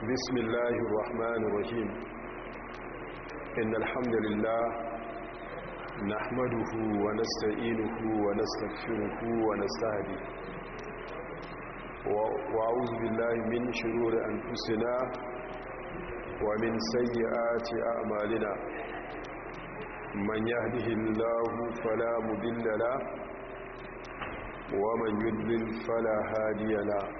بسم الله الرحمن الرحيم إن الحمد لله نحمده ونستعينه ونستغفره ونستهديه وأعوذ بالله من شرور أنفسنا ومن سيئات أعمالنا من يهده الله فلا مضل له ومن يضلل فلا هادي له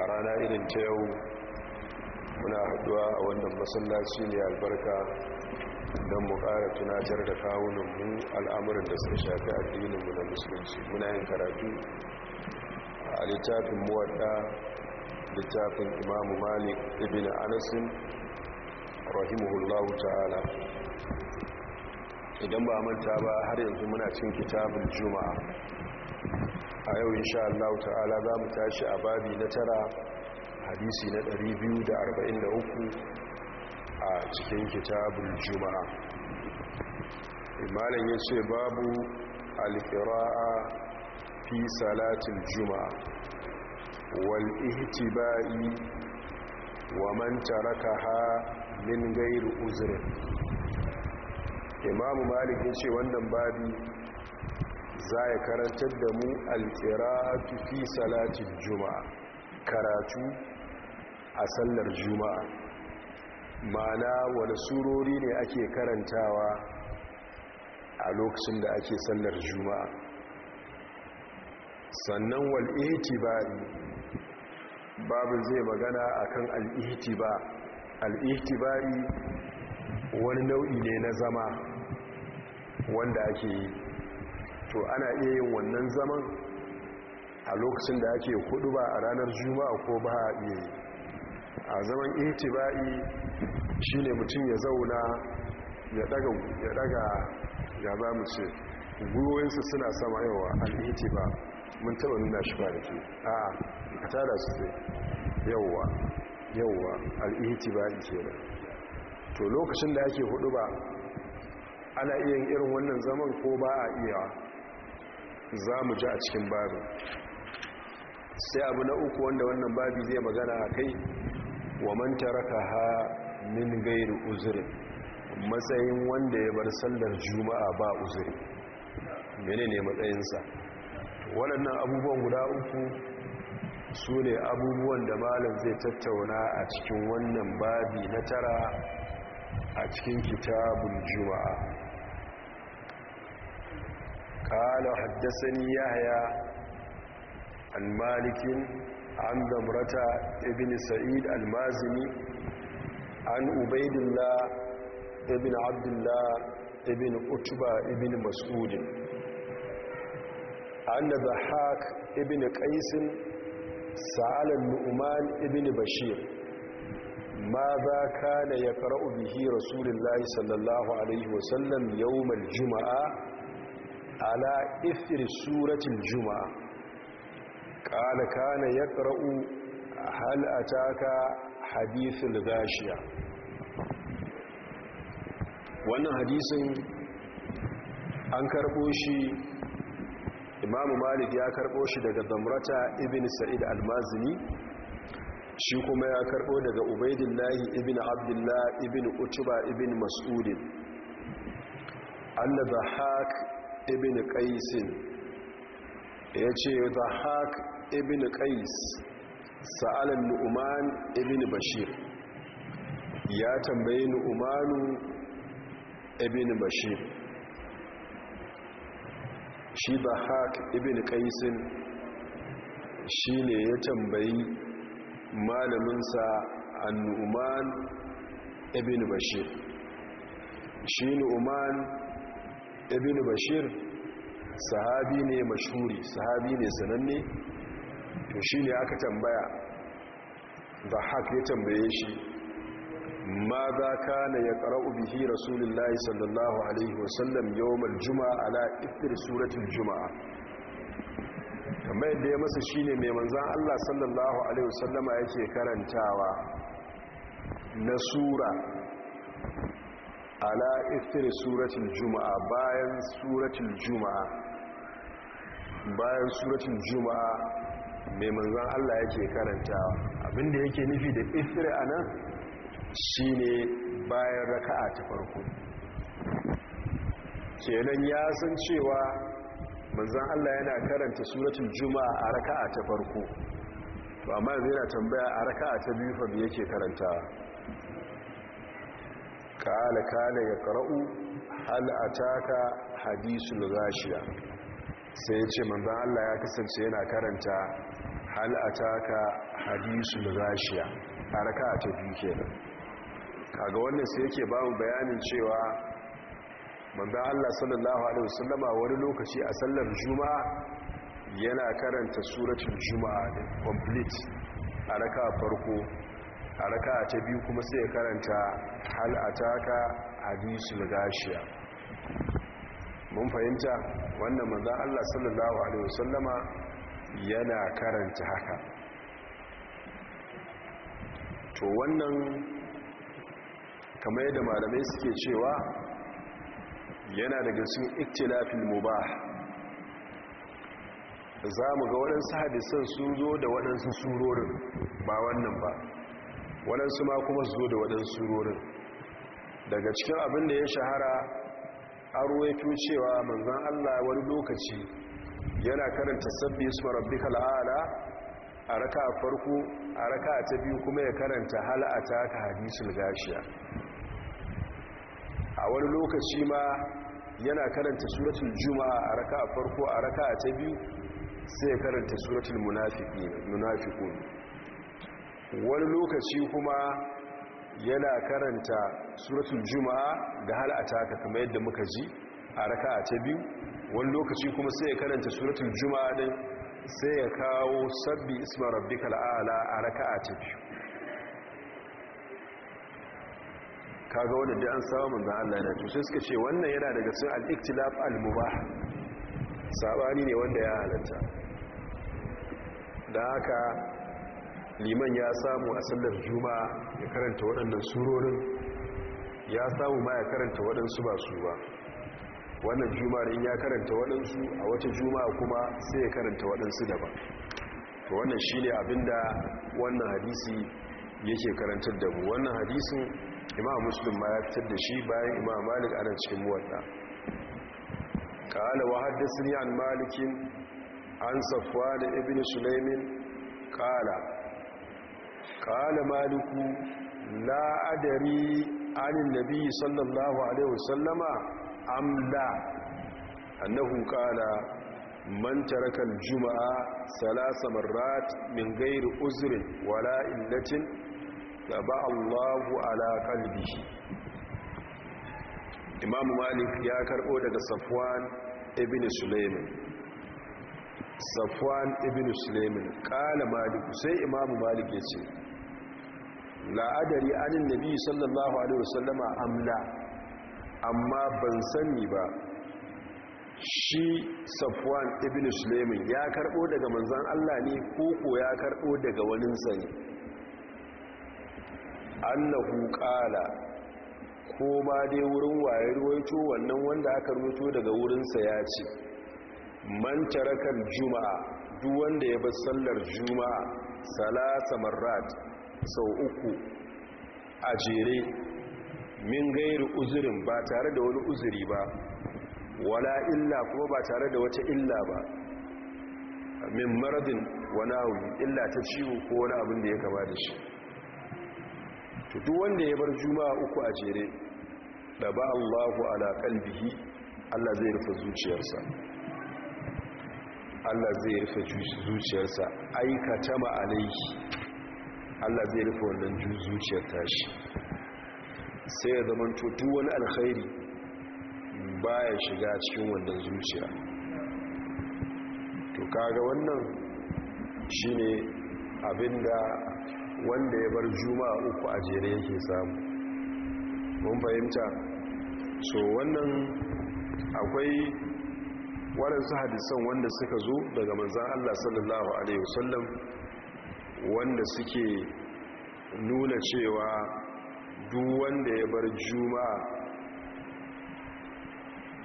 a rana irin ta yau muna haduwa a wannan masallaci ne albarka don mu ƙara tunatar da kawunanmu al'amuran da suka shafi addininmu na musulunci muna yin karatu a littafin muwadda littafin imamu malik ibn anasin rahimahullahu ta'ala idan ba manta ba har yanzu muna cin kitabin juma'a a yau insha Allah ta'ala za mu tashi a babi na tara hadisi na 243 a cikin kitabun juma'a imanin eh, ya ce babu alƙira'a fi salatin juma'a wal ihtiba'i wa man tarakaha min gairu uzurin imamu malik ya ce wannan babi za ya karantar da mu alƙira'atu fi salatin juma'a karatu a sallar juma'a ma'ana wani surori ne ake karantawa a lokacin da ake sallar juma'a sannan wal'itibari babu zai magana a kan ba, al'ihiti al'itibari wani nau'i ne na zama wanda ake yi to ana iya yin wannan zaman a lokacin da ake kudu ba a ranar juma'a ko ba a iya yi a zaman shi ne mutum ya zauna ya daga ya daga ba mu ce gwiwoyinsa suna sama yawa al ba, mun taba nuna shi ba da ke a a tara su sai Yawwa, yawwa, al-ihtiba'i kenan to lokacin da ake hudu ba ana iya yin irin wannan zaman ko ba a iya za mu ji a cikin babu sai abu na uku wanda wannan babi zai magana a kai wa man taraka ha min gairu uzurin matsayin wanda ya bar sallar juma'a ba uzuri mene ne matsayinsa waɗannan abubuwan guda uku su ne abubuwan da malam zai tattauna a cikin wannan babi na tara a cikin kitabun juma'a قال حدثني يحيى عن مالك عن ضمرة ابن سعيد المازني عن عبيد الله ابن عبد الله ابن أتبى ابن مسعود عن ضحاك ابن قيس سأل النؤمان ابن بشير ماذا كان يقرأ به رسول الله صلى الله عليه وسلم يوم الجمعة ala ifir suratul juma'a qala kana yaqra'u a taka hadithul gashiya wannan hadisin an karbo shi imamu malik ya karɓo shi daga zamrata Ibin sa'id al-mazini shi kuma ya karɓo daga ubaidillahi ibn abdullah ibn utuba Ibin mas'udin anna ibn qaisin ya ce dhahak ibn qais sa'alan nu'man ibn bashir ya tambayi nu'manu ibn bashir shi dhahak ibn qaisin shi ne ya tambayi malaminsa annu'man ibn bashir shi nu'man ibn bashir sahabi ne mashuri sahabi ne sananne to shine ne aka tambaya da hak ya tambaye shi ma za ka na ya ƙara'u bihi rasulullahi sallallahu alaihi wasallam yawon juma'a ala ifir suratun juma'a tambayar da ya masa shi ne mai manzan allah sallallahu alaihi wasallama yake karantawa na sura ala istir suratul juma'a bayan suratul juma'a bayan suratul juma'a mai Manzon Allah yake karantawa abinda yake nufi da istir anan shine bayan raka'a ta farko kenan ya san cewa Manzon Allah yana karanta suratul juma'a a raka'a ta farko to amma yana tambaya a raka'a ta biyu fa yake karantawa kala kala ya ƙara'u al'ataka hadisul gashiya sai ya ce manzan Allah ya kasance yana karanta hal'ataka hadisul gashiya a raka ta biyu kenan kaga wannan sai yake babu bayanin cewa manzan Allah sallallahu alaihi wasallama wani lokaci a sallar juma'a yana karanta suratul juma'a complete a raka farko a raka'a ta biyu kuma sai ya karanta hal a hadisul gashiya mun fahimta wannan manzon Allah sallallahu alaihi wasallama yana karanta haka to wannan kamar yadda malamai suke cewa yana daga cikin iktilafin mubah za mu ga waɗansu hadisan sun zo da waɗansu surorin ba wannan ba waɗansu ma kuma su zo da waɗansu rorin daga cikin abin da ya shahara an ruwaito cewa manzan allah wani lokaci yana karanta sabbi su marabbi kala'ala a raka a farko a raka a tabi kuma ya karanta hal'ata ka hadisul gashiya a wani lokaci ma yana karanta suratul juma'a a raka a farko a raka a tabi sai ya karanta suratul munafiqun wani lokaci kuma yana karanta suratul juma'a da hal taka kamar yadda muka ji a raka'a ta biyu wani lokaci kuma sai ya karanta suratul juma'a din sai ya kawo sabbi isma rabbikal a'la a raka'a ta biyu kaga wanda dai an samu manzon Allah yana to suka ce wannan yana daga sun al-iktilaf al sabani ne wanda ya halatta da haka liman ya samu a sallar juma'a ya karanta waɗannan surorin ya samu ma ya karanta waɗansu ba su ba wannan juma'ar in ya karanta waɗansu a wata juma'a kuma sai ya karanta waɗansu daban to wannan shi ne abin da wannan hadisi yake karantar da mu wannan hadisin imam muslim ma ya fitar da shi bayan imam malik ana cikin muwadda قال وحدثني عن مالك عن صفوان ابن سليم قال kala maliku la'adari adari anin nabi sallallahu alaihi wasallama amla annahu kala man taraka aljuma'a salasa marrat min ghairi uzrin wala illatin taba Allahu ala qalbihi Imam Malik ya karbo daga Safwan ibn Sulaiman safwan ibn sulaiman kala malik sai imamu malik ya ce la'adari anin nabi sallallahu alaihi wasallama amla amma ban sani ba shi safwan ibn sulaiman ya karbo daga manzan allah ne koko ya karbo daga waninsa ne annahu kala ko ba dai wurin waye ruwaito wannan wanda aka ruwaito daga wurinsa ya ce man tarakar juma'a duk wanda ya bar sallar juma'a salasa marrat sau uku a jere min gairu uzurin ba tare da wani uzuri ba wala illa kuma ba tare da wata illa ba min maradin wani hauyi illa ta ciwo ko wani abin da ya kama da shi duk wanda ya bar juma'a uku a jere da ba allahu ala kalbihi allah zai rufe zuciyarsa Allah zai rufe zuciyarsa aikata ma alaiki Allah zai rufe wannan zuciyar tashi sai ya zama tutu wani alkhairi baya shiga cikin wannan zuciya to kaga wannan shine abinda wanda ya bar juma'a uku a jere yake samu mun fahimta so wannan akwai waɗansu hadisan wanda suka zo daga manzan Allah sallallahu Alaihi wasallam wanda suke nuna cewa duwanda ya bar juma'a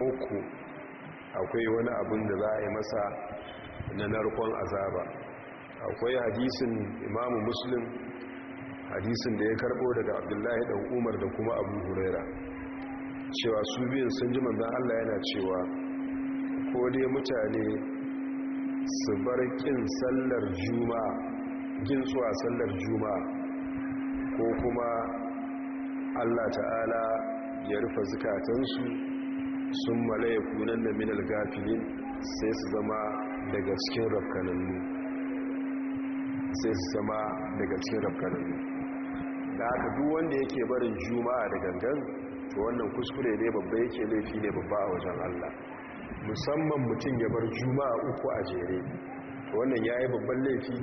uku akwai wani abin da za a yi masa na narkon azaba akwai hadisun imamu muslim hadisin da ya karbo daga abdullahi ɗan umar da kuma abu huraira cewa su biyun sun ji manzan Allah yana cewa ko dai mutane su bar kin sallar juma, kin suwa sallar juma, ko kuma allah ta'ala ya rufe zukatansu sun malaya kunan da minal gafilin sai su zama daga cikin rafkanannu sai su zama daga cikin rafkanannu da haka duk wanda yake barin juma'a da gangan to wannan kuskure ne babba yake laifi ne babba a wajen allah musamman mutum ya bar juma'a uku a jere wannan ya yi babban laifi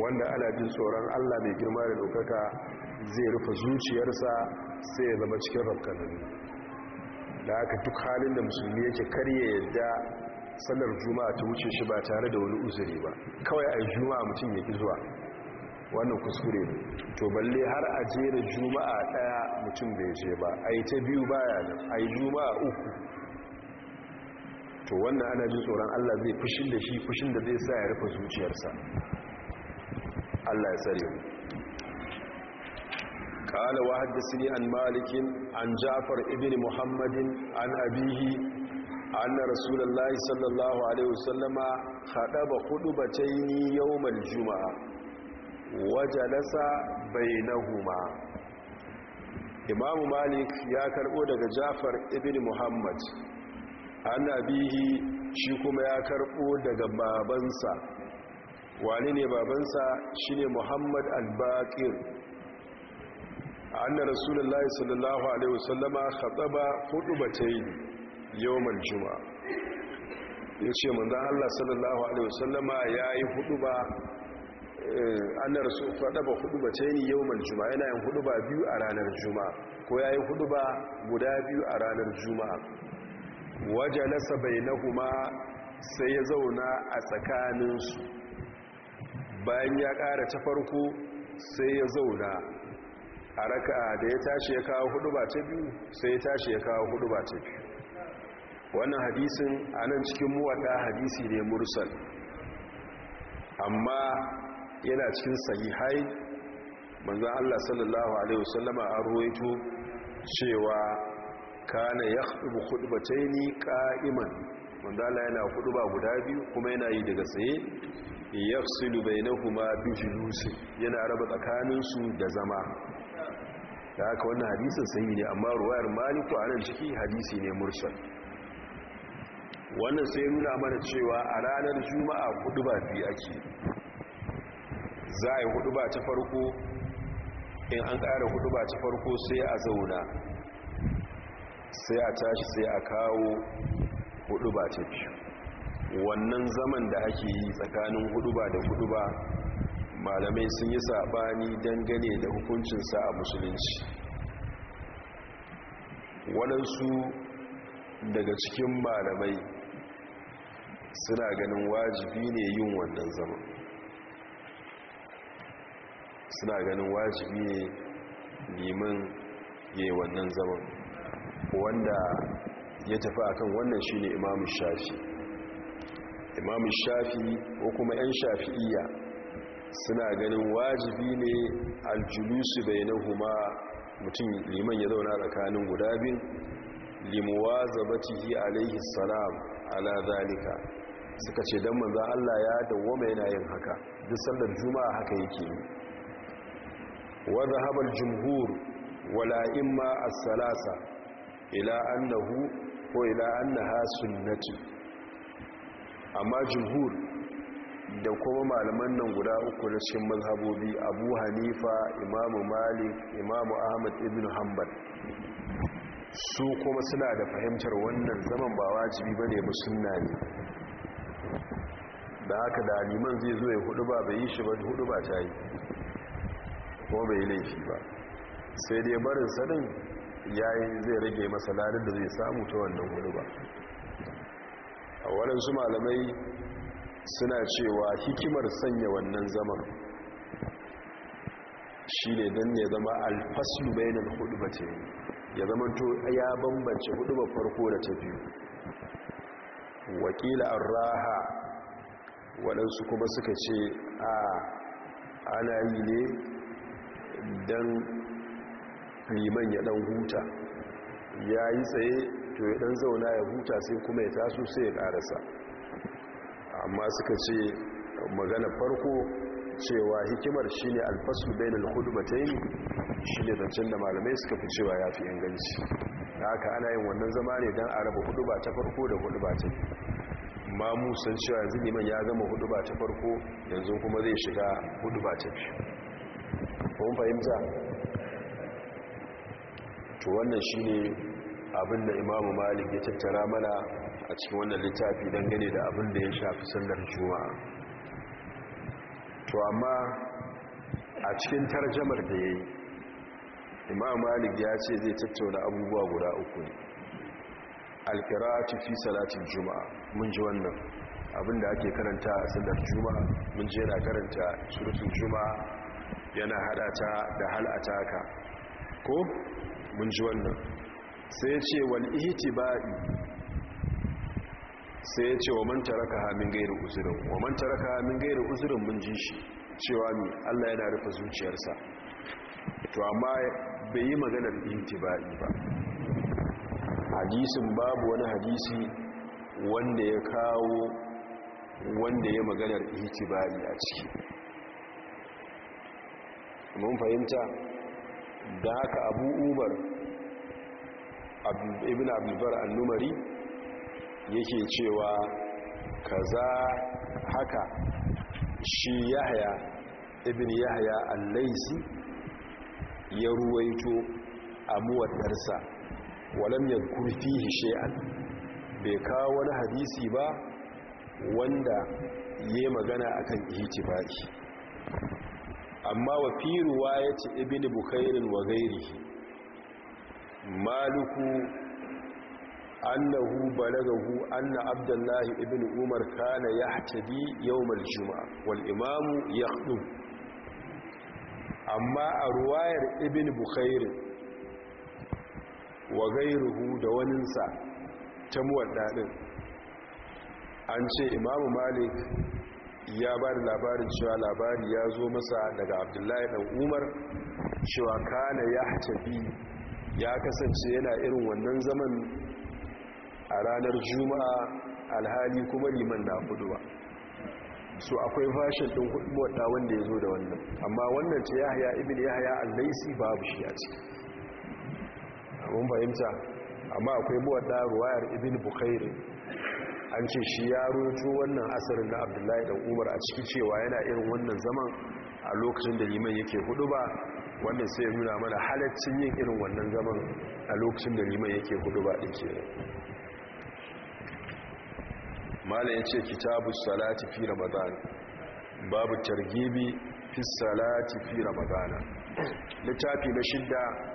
wanda ana jin tsoron allah mai girma da dokaka zai rufe zuciyarsa sai ya zama cikin rafkananni da aka duk halin da musulmi yake karye yadda sanar juma'a ta wuce shi ba tare da wani uzuri ba kawai a juma'a mutum ya ki zuwa wannan kuskure ne to balle har a jere juma'a daya mutum bai je ba a yi ta biyu baya nan a yi juma'a uku to wannan ana jin tsoron Allah zai fushin da shi fushin da zai sa ya rufe zuciyarsa Allah ya tsare mu qala wa hadathani an malikin an jafar ibn muhammadin an abihi anna rasulullahi sallallahu alaihi wasallama khadaba khudubataini yawmal jumaa wa jalasa bainahuma imam malik ya karɓo daga jafar ibn muhammad Ana bihi shi kuma ya karɓo daga babansa wani ne babansa shi ne muhammad al-baqir anna rasulullahi sallallahu alaihi wasallama khataba khutbatayn yau al-jum'a ce manzan Allah sallallahu alaihi wasallama yayi khutba ba eh, rasul khutba khutbatayn yau al-jum'a yana yin ba biyu a ranar juma'a ko ya yi hudu ba guda biyu a ranar juma'a wajalasa kuma sai ya zauna a tsakaninsu bayan ya ƙara ta farko sai ya zauna a raka da ya tashi ya kawo hudu ba ta biyu sai ya tashi ya kawo hudu ba ta biyu wannan hadisin a nan cikin muwata hadisi ne mursal amma yana cikin sahihai manzan allah sallallahu alaihi wasallama a ruwaito cewa kana ya hudu yi ni ka'iman wanda yana yana ba guda biyu kuma yana yi daga tsaye ya sulu bai na kuma bijulusi yana raba tsakaninsu da zama da haka wannan hadisin sanyi ne amma ruwayar maliku a nan ciki hadisi ne mursal wannan sai nuna mana cewa a ranar juma'a ba biyu ake za a yi ba ta farko in an ƙara ba ta farko sai a zauna sai a tashi sai a kawo hudu ba ta biyu wannan zaman da ake yi tsakanin hudu ba da hudu ba malamai sun yi saɓani dangane da hukuncinsa a musulunci waɗansu daga cikin malamai suna ganin wajibi ne yin wannan zaman suna ganin wajibi ne neman yi wannan zaman wanda ya tafi akan wannan shine imamu shafi imamu shafi ko kuma 'yan shafi'iyya suna ganin wajibi ne aljulusu bai na huma mutum liman ya zauna tsakanin guda bin limuwa zabatihi alaihi salam ala zalika suka ce don manza Allah ya dawwama yana yin haka duk sallar juma'a haka yake yi wadda habar jumhur wala a salasa ila annahu ko ila annaha sunnati amma jumhur da kuma malaman nan guda uku na cikin mazhabobi abu hanifa Imam malik Imam ahmad ibn hanbal su kuma suna da fahimtar wannan zaman ba wajibi bane ba sunna ne da haka da liman zai zo ya hudu ba bai yi shi ba hudu ba ta ko bai yi laifi ba sai dai barin sanin yayin zai rage masa ladar da zai samu ta wannan wuri ba a waɗansu malamai suna cewa hikimar sanya wannan zaman shi ne don ya zama alfaslu bainar hudu ba ce ya zama to ya bambance hudu ba farko da ta biyu wakila an raha waɗansu kuma suka ce a ana yi ne don liman ya dan huta ya yi tsaye to ya dan zauna ya huta sai kuma ya taso sai ya karasa amma suka ce magana farko cewa hikimar shine alfasu bainal shi shine zancen da malamai suka fi cewa yafi inganci haka ana yin wannan zama ne dan a raba ba ta farko da ba ta ma san cewa yanzu liman ya gama ba ta farko yanzu kuma zai shiga ba ta biyu kuma fahimta to wannan shine abin da imamu malik ya tattara mana a cikin wannan littafi dangane da abin da ya shafi sandar juma'a to amma a cikin tarjamar da ya yi imamu malik ya ce zai tattauna abubuwa guda uku ne alkiratu fi salatin juma'a mun ji wannan abin da ake karanta a sandar juma'a mun ji yana karanta surutun juma'a yana haɗa ta da hal'ataka ko mun ji wannan sai ya ce wal ihtibai sai ya ce wa manta raka hamin gairi uzurin wa manta raka hamin gairi uzurin mun ji shi cewa ne Allah yana rufe zuciyarsa to amma bai yi maganar ihtibai ba hadisin babu wani hadisi wanda ya kawo wanda ya maganar ihtibai a ciki mun fahimta da haka abu umar ibn abdulbar annumari yake cewa kaza haka shi yahya ibn yahya al ya ruwaito a muwaddarsa walam yadkur fihi bai kawo wani hadisi ba wanda yi magana akan ihtibahi amma wa fi ce ibini bukairin wa gairihi maliku annahu balagahu anna abdullahi Ibin umar kana yahtadi yawmal juma'a wal imamu yakhdhu amma a ruwayar ibn bukairin wa da waninsa ta muwadda an ce imamu malik ya ba da labarin cewa labari ya zo masa daga abdullahi ɗan umar cewa kana ya hatafi ya kasance yana irin wannan zaman a ranar juma'a alhali kuma liman na huduwa so akwai fashin ɗin hudumota wanda ya zo da wannan amma wannan ce yahya ibn yahya al-laisi babu shi a ci. Abin fahimta amma akwai muwadda ruwayar ibi bukhairi an ce shi ya roto wannan asirin na abdullahi dan umar a ciki cewa yana irin wannan zaman a lokacin da liman yake hudu ba wannan sai nuna mana halaccin yin irin wannan zaman a lokacin da liman yake hudu ba da ke mala ya ce kitabu salati fi ramadana babu targibi fi salati fi ramadana littafi na shidda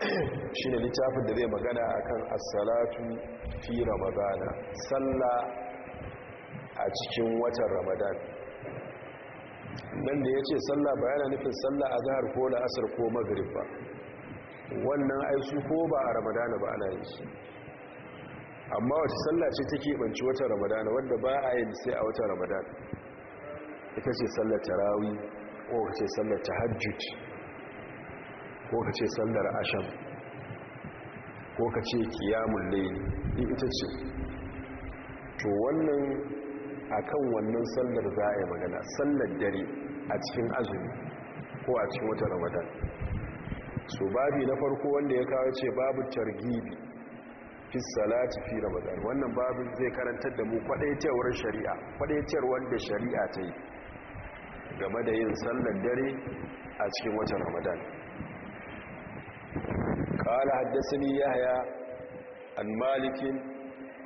shine littafin da zai magana a kan asalatu fi ramadana sallah a cikin watan ramadan nan da ya ce sallah ba yana nufin sallah a zahar, ko la'asar ko magrib ba wannan aisu ko ba a ramadana ba ana yi amma wata sallah ce ta banci watan ramadana wanda ba a yi sai a watan ramadana ita ce sallar tarawi ko ce sallar tahajjud ko ka ce sallar ashan ko ka ce kiyamun laili in ita ce to wannan a kan wannan sallar za a yi magana sallar dare a cikin azumi ko a cikin wata ramadan so babi na farko wanda ya kawo ce babu targibi fi salati fi ramadan wannan babin zai karantar da mu kwadaitawar shari'a kwadaitar wanda shari'a ta yi game da yin sallar dare a cikin watan ramadan قال حدثني يحيى عن مالك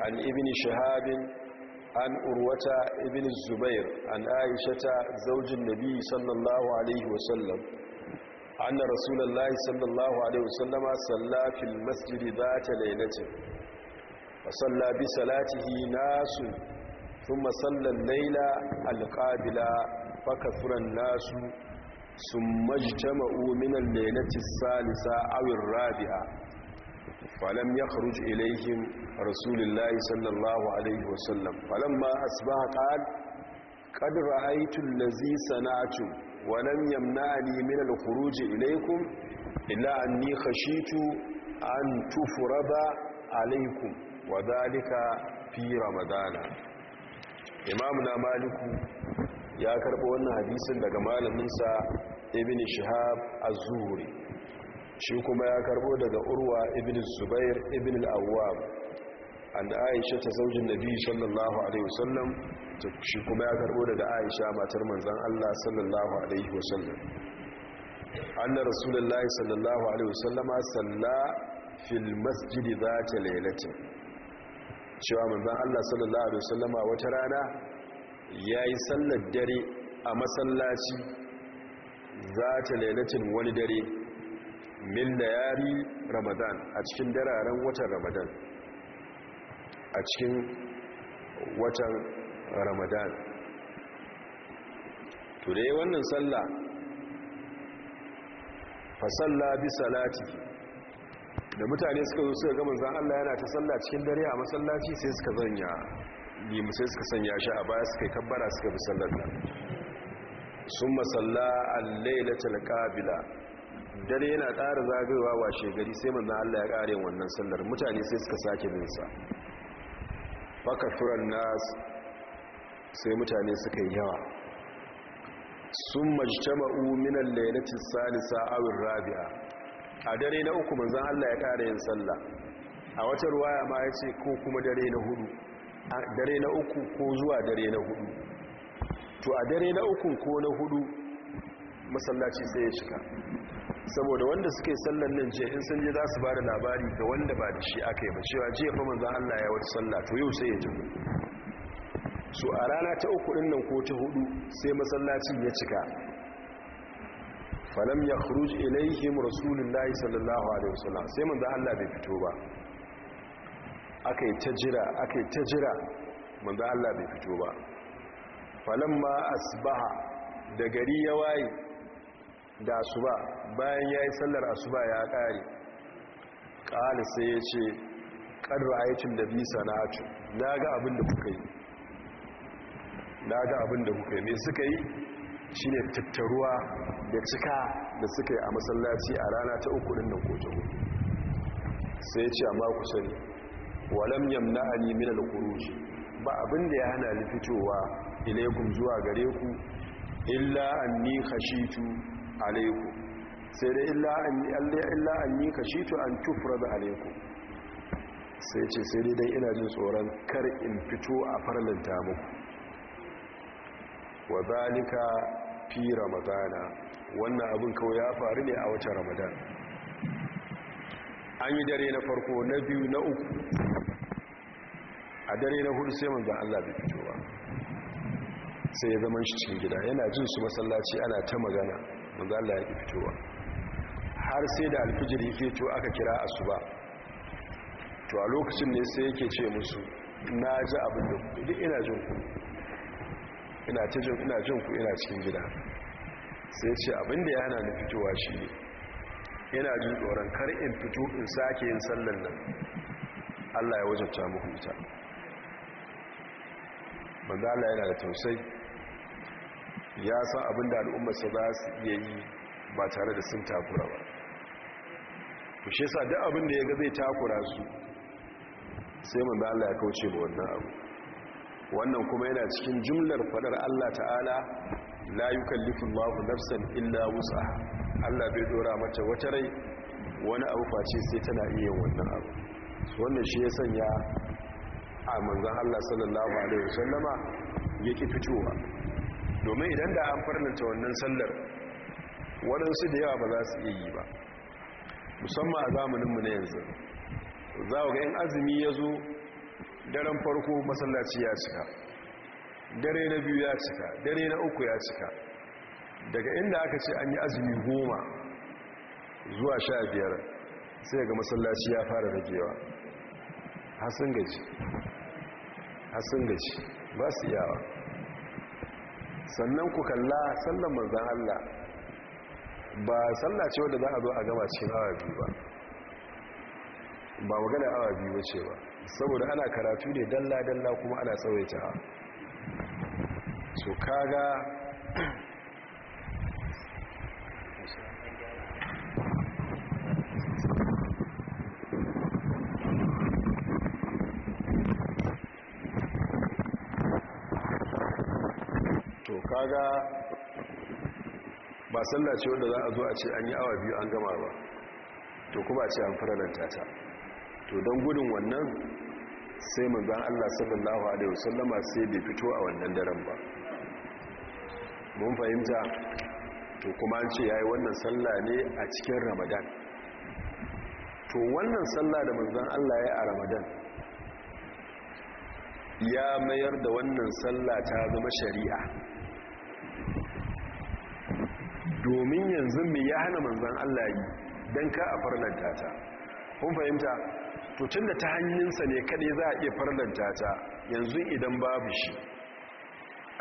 عن ابن شهاب عن أروة ابن الزبير عن عائشة زوج النبي صلى الله عليه وسلم أن رسول الله صلى الله عليه وسلم صلى في المسجد ذات ليلة وصلى بصلاته ناس ثم صلى الليلة القابلة فكثر الناس sun majtama'u min al salisa awin rabia falam yakhruj ilayhim rasulullahi sallallahu alaihi wa sallam falamma asbaha qala qad ra'aytu allazi Sanatu, wa lam yamna'ni min al ilaikum ilaykum illa anni khashitu an tufrada alaikum wa dhalika fi ramadana imamuna maliku ya karɓi wannan hadisin daga malaminsa ibn shihab az-zuhri shi kuma ya karɓo daga urwa ibn zubair ibn al-awwam an aisha ta zaujin nabi sallallahu alaihi wasallam shi kuma ya karɓo daga aisha matar manzon Allah sallallahu alaihi wasallam anna rasulullahi sallallahu alaihi wasallama salla fil masjidi ta lalata. cewa manzon Allah sallallahu alaihi a wata rana ya yi sallar dare a masallaci za ta lailatin wani dare min da yari ramadan a cikin dararen watan ramadan a cikin watan ramadan to da wannan sallah fasalla bi salati da mutane suka zo suka gama zan Allah yana ta salla cikin dare a masallaci sai suka zanya limu sai suka sanya shi a baya suka yi kabbara suka bi sallar sun masalla allailatul qabila dare yana ƙara zagayowa washe gari sai manzon Allah ya ƙare wannan sallar mutane sai suka sake bin sa faka furan sai mutane suka yi yawa sun majtama'u min al salisa aw ar-rabi'a a dare na uku manzon Allah ya ƙara yin sallah a wata ruwaya ma yace ko kuma dare na hudu A dare na uku ko zuwa dare na hudu to a dare na uku ko na hudu masallaci sai ya cika saboda wanda suke sallan nan je in sun je za su bada labari ga wanda ba da shi aka yi ba cewa je fa manzan Allah ya wata salla to yau sai ya ji so a rana ta uku din nan ko ta hudu sai masallacin ya cika falam yakhruj ilaihim rasulullahi sallallahu alaihi wasallam sai manzan Allah bai fito ba aka yi ta jira aka yi ta jira manzan Allah bai fito ba falamma asbaha da gari ya waye da asuba bayan ya yi sallar asuba ya kare ƙali sai ya ce ƙarra aikin da bisa na na ga abin da kuka yi na abin da kuka yi suka yi shi tattaruwa da cika da suka yi a masallaci a rana ta uku ɗin nan ko ta sai ya ce amma ku sani walam ani min al-khuruj ba abin da ya hana ni fitowa ilaikum zuwa gare ku illa anni khashitu alaykum sai dai illa anni illa anni khashitu an tufrada alaykum sai ce sai dai ina jin tsoron kar in fito a farlanta muku wa zalika fi ramadana wannan abin kawai ya faru ne a wata ramadana an yi dare na farko na biyu na uku a dare na hudu sai ga Allah bai fito ba sai ya zama shi cikin gida yana jin su masallaci ana ta magana ga Allah ya ki fitowa. har sai da alfijiri fito to aka kira asuba to a lokacin ne sai yake ce musu na ji abin da duk ina jin ku ina ta jin ina jin ku ina cikin gida sai ce abin da yana na fitowa shi ne yana jin tsoron kar in fito in sake yin sallar nan Allah ya wajabta muku ita banda Allah yana da tausayi ya san abin da al'ummarsa za su iya yi ba tare da sun takura ba to shi yasa duk abin da ya ga zai takura su sai manzo Allah ya kauce ba wannan abu wannan kuma yana cikin jumlar faɗar Allah ta'ala la yukallifu Allahu nafsan illa wus'aha allah bai dora mata wata rai wani abu face sai tana iya wannan abu wannan shi ya sanya a manzan allah sallallahu alaihi wasallama ya ki fitowa domin idan da an farnanta wannan sallar waɗansu da yawa ba za su iya yi ba musamman a zamaninmu na yanzu za ga yin azumi ya zo daren farko masallaci ya cika dare na biyu ya cika dare na uku ya cika daga inda aka ce an yi azumi goma zuwa sha biyar sai ga masallaci ya fara ragewa hasin gaji hasin gaji ba su yawa sannan ku kalla sallan manzan Allah ba sallah ce wadda za a zo a gama cikin awa biyu ba ba magana awa biyu ba ce ba saboda ana karatu ne dalla-dalla kuma ana tsawaita so kaga kaga ba sallah ce wanda za a zo a ce an yi awa biyu an gama ba to kuma a ce an faranta ta to don gudun wannan sai zan Allah sallallahu alaihi wasallama sai bai fito a wannan daren ba mun fahimta to kuma an ce yayi wannan sallah ne a cikin Ramadan to wannan sallah da zan Allah ya a Ramadan ya mayar da wannan sallah ta zama shari'a domin yanzu mai ya hana manzan Allah yi don ka a farlanta ta kun fahimta to tun da ta hanyinsa ne kaɗai za a iya farlanta ta yanzu idan babu shi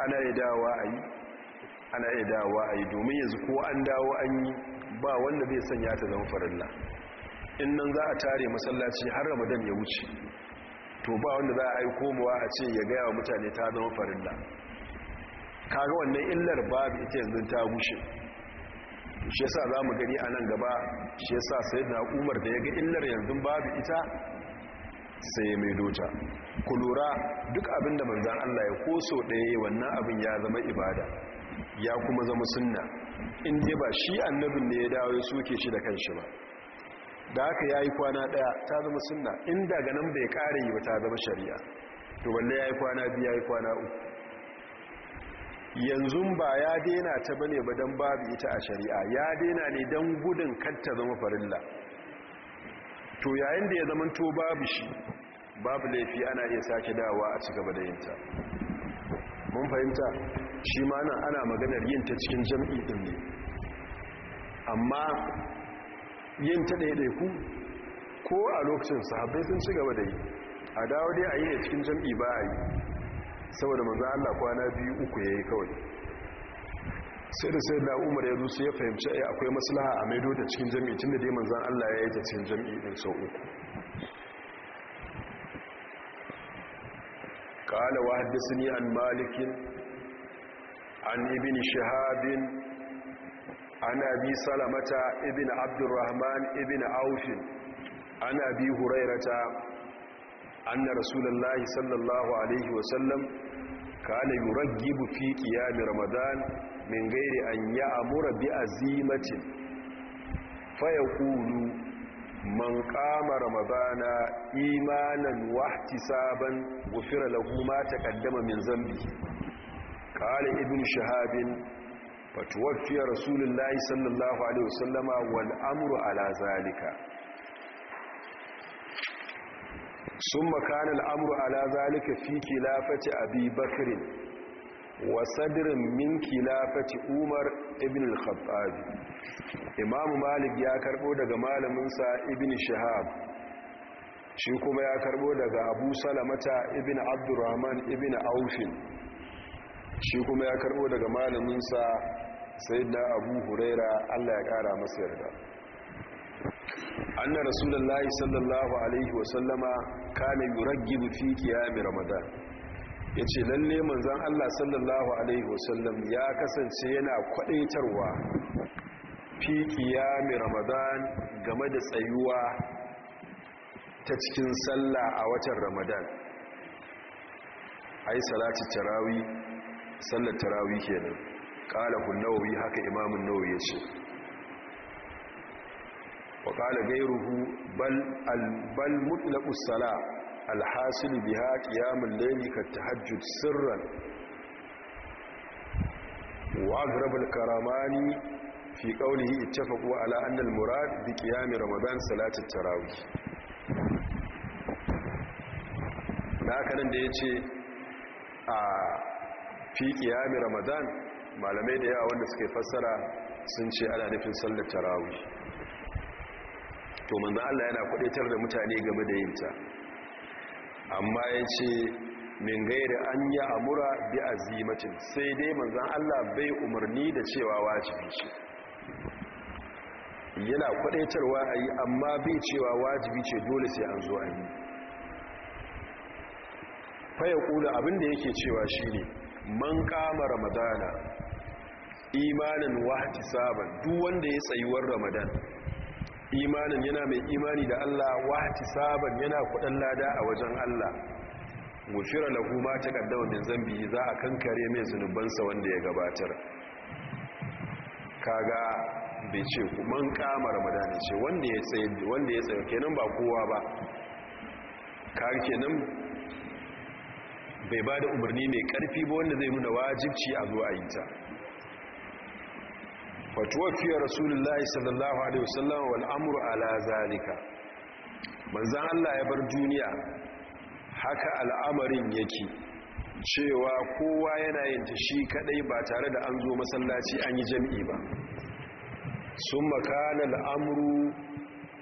ana yi dawa a yi ana yi dawa a yi domin yanzu ko an dawo an yi ba wanda zai sanya ta zama farilla in nan za a tare masallaci har ramadan ya wuce to ba wanda za a yi komowa a ce ya gaya wa mutane ta zama farilla kaga wannan illar babu ita yanzu ta gushe shi yasa za mu gani a nan gaba shi yasa sai da umar da ya ga illar yanzu babu ita sai ya maido ta ku lura duk abin da manzan Allah ya koso ɗaya wannan abin ya zama ibada ya kuma zama sunna in dai ba shi annabin ne ya dawo ya soke shi da kan shi ba da haka ya yi kwana ɗaya ta zama sunna in daga nan bai ƙare yi ba ta zama shari'a to balle ya yi kwana biyu ya yi kwana uku yanzu ba ya daina ta bane ba don babu ita a shari'a ya daina ne don gudun kanta zama farilla to yayin da ya zama to babu shi babu laifi ana iya sake dawa a cigaba da yinta mun fahimta shi ma nan ana maganar yin ta cikin jam'i din ne amma yin ta ku? ko a lokacin sahabbai sun ci da yi a dawo dai a yi ne cikin jam'i ba a yi saboda manzo Allah kwana biyu uku yayi kawai sai da sai da Umar ya zo ya fahimci ai akwai maslaha a maido da cikin jami'i da dai manzo Allah ya yi ta cikin jami'i din sau uku قال وحدثني عن مالك عن ابن شهاب عن أبي سلمة ابن عبد الرحمن ابن عوف عن bi hurairata. anna rasulullahi sallallahu alaihi wasallam kana yuraggibu fi qiyam ramadan min ghairi an ya'mura bi azimatin fa yaqulu man qama ramadana imanan wa ihtisaban ghufira lahu ma taqaddama min dhanbi qala ibn shahab fatwaffiya rasulullahi sallallahu alaihi wasallama wal amru ala zalika sun makanin amuru ala zalika fi kilafaci abi bakirin wa sadirin min kilafaci umar ibn al-khattabi imamu malik ya karbo daga malaminsa ibn shahab shi kuma ya karbo daga abu salamata ibn abdurrahman ibn aufin shi kuma ya karbo daga malaminsa sai da abu huraira allah ya kara masu yarda anna rasulullahi sallallahu alaihi wasallama kana yuraggibu fi qiyam ramadan yace lalle manzon Allah sallallahu alaihi wasallam ya kasance yana kwadaitarwa fi qiyam ramadan game da tsayuwa ta cikin sallah a watan ramadan ai salati tarawih sallar tarawih kenan qala hunnawi haka imamun nawawi yace Waƙala qala ghayruhu bal al bal mutlaq as-sala al-hasil biha qiyam al-layli sirran wa aghrab al-karamani fi qawlihi ittafaqu ala anna al-murad bi qiyam ramadan salat at-tarawih da haka nan da yace a fi qiyam ramadan malamai da yawa wanda suke fassara sun ce ana nufin sallar tarawih to manzo Allah yana kudaitar da mutane game da yinta amma yace min gairi an ya amura bi azimatin sai dai manzo Allah bai umarni da cewa wajibi ce yana kudaitarwa ayi amma bai cewa wajibi ce dole sai an zo a Fa faya kula abinda yake cewa shi ne man kama ramadana imanin wahtisaban duk wanda ya tsayuwar ramadan imanin yana mai imani da Allah wati saban yana kudin lada a wajen Allah gushira kuma ma kaddawa da zambi za a kankare mai zunubansa wanda ya gabatar kaga bai ce man kama ramadan ce wanda ya tsaye wanda ya tsaye kenan ba kowa ba kar kenan bai ba da umarni mai karfi ba wanda zai nuna wajibci a zuwa ayinta fatuwafiyar rasulullahi sallallahu alaihi wasallam wal ala zalika manzan Allah ya bar duniya haka al'amarin yake cewa kowa yana yin ta shi kadai ba tare da an zo masallaci an yi jami'i ba sun makana al'amuru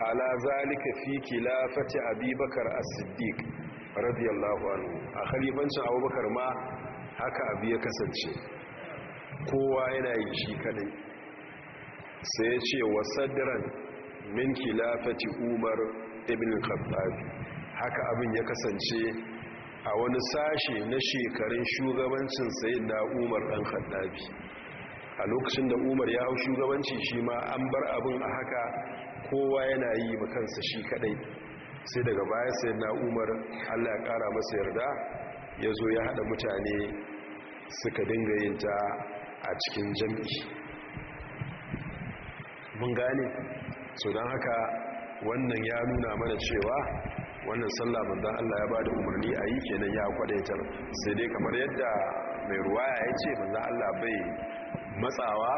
ala zalika fi kilafati abubakar as-siddiq radiyallahu anhu a khalifancin abubakar ma haka abu ya kasance kowa yana yin shi kadai sai ya ce wa sadran min kilafati umar ibn khattab haka abin ya kasance a wani sashe na shekarun shugabancin sai na umar dan khattabi a lokacin da umar ya hau shugabanci shi ma an bar abin a haka kowa yana yi kansa shi kadai sai daga baya sai na umar allah ya kara masa yarda ya zo ya haɗa mutane suka dinga yin ta a cikin jam'i mun gane so don haka wannan ya nuna mana cewa wannan sallah manzan Allah ya bada umarni a yi kenan ya kwadaitar sai dai kamar yadda mai ruwaya ya ce manzon Allah bai matsawa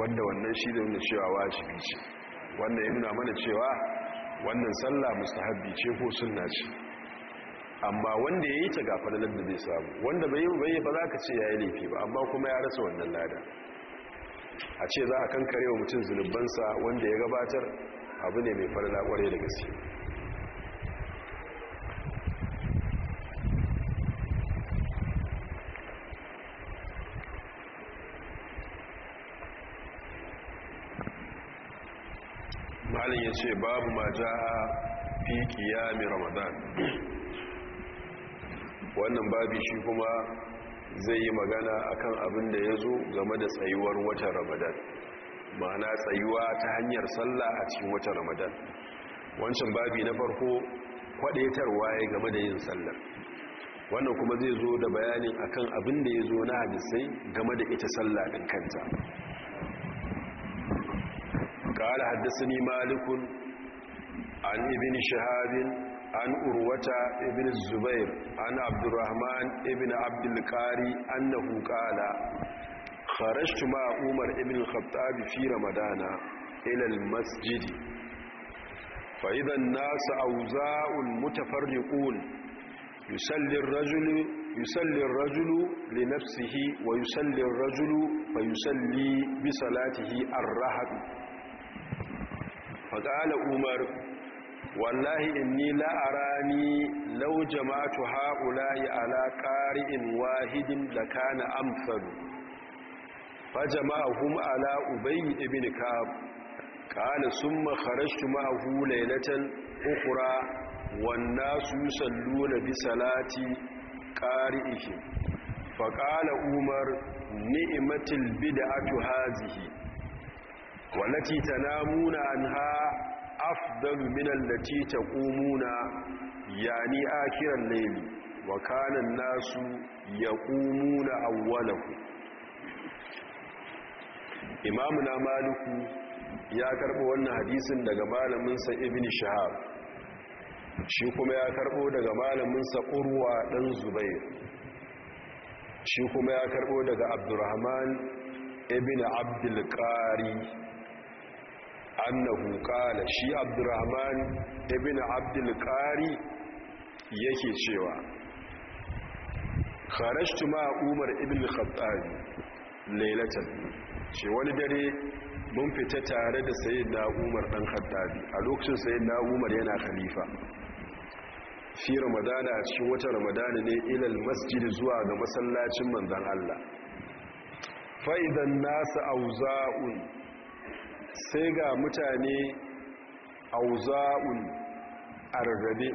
wanda wannan shi da nuna cewa wajibi ce wannan ya nuna mana cewa wannan sallah mustahabbi ce ko sunna ce amma wanda ya yi ta gafa da zai samu wanda bai yi ba za ka ce ya yi laifi ba amma kuma ya rasa wannan lada a ce za a kankare wa mutum zunubansa wanda ya gabatar abu ne mai farla kwarai da gaske malin ya ce babu ma ja fi kiyami ramadan wannan babi shi kuma zai yi magana akan abin da ya zo game da tsayuwar watan ramadan ma'ana tsayuwa ta hanyar sallah a cikin watan ramadan wancan babi na farko kwadaitarwa ya game da yin sallah wannan kuma zai zo da bayanin akan abin da ya zo na hadisai game da ita sallah ɗin kanta قال حدثني مالك عن ابن شهاب an urwata ibn zubair an abdurrahman ibn abdulkari annahu qala kharajtu ma umar ibn al-khattab fi ramadana ila al-masjid fa idha an-nas awza'un mutafarriqun yusalli ar-rajulu yusalli ar-rajulu li nafsihi wa yusalli ar-rajulu fa yusalli bi salatihi ar-rahab fa qala umar wallahi inni la arani law jama'tu ha'ula'i ala ƙari'in wahidin lakana amsalu fa jama'ahum ala ubay ibn ka'ab qala summa kharajtu ma'ahu laylatan ukhra wan nasu yusalluna bi salati qari'ihi fa qala umar ni'matil bid'atu hazihi wallati tanamuna anha afdal min allati taqumuna yani akhiran layli wa kana an-nasu yaqumuna awwalahu imamu na maliku ya karbo wannan hadisin daga malamin sa ibn shahab shi kuma ya karbo daga malamin sa urwa dan zubair shi kuma ya karbo daga abdurrahman ibn abdul qari annahu qala shi abdurrahman ibn abdulkari yake cewa kharajtu ma umar ibn al-khattab laylatan ce wani dare mun fita tare da sayyidina umar dan khattabi a lokacin sayyidina umar yana khalifa fi ramadana a cikin wata ramadana ne ilal masjid zuwa ga masallacin manzon Allah fa'idan nasu auza'un sai ga mutane auza'un a rarrabe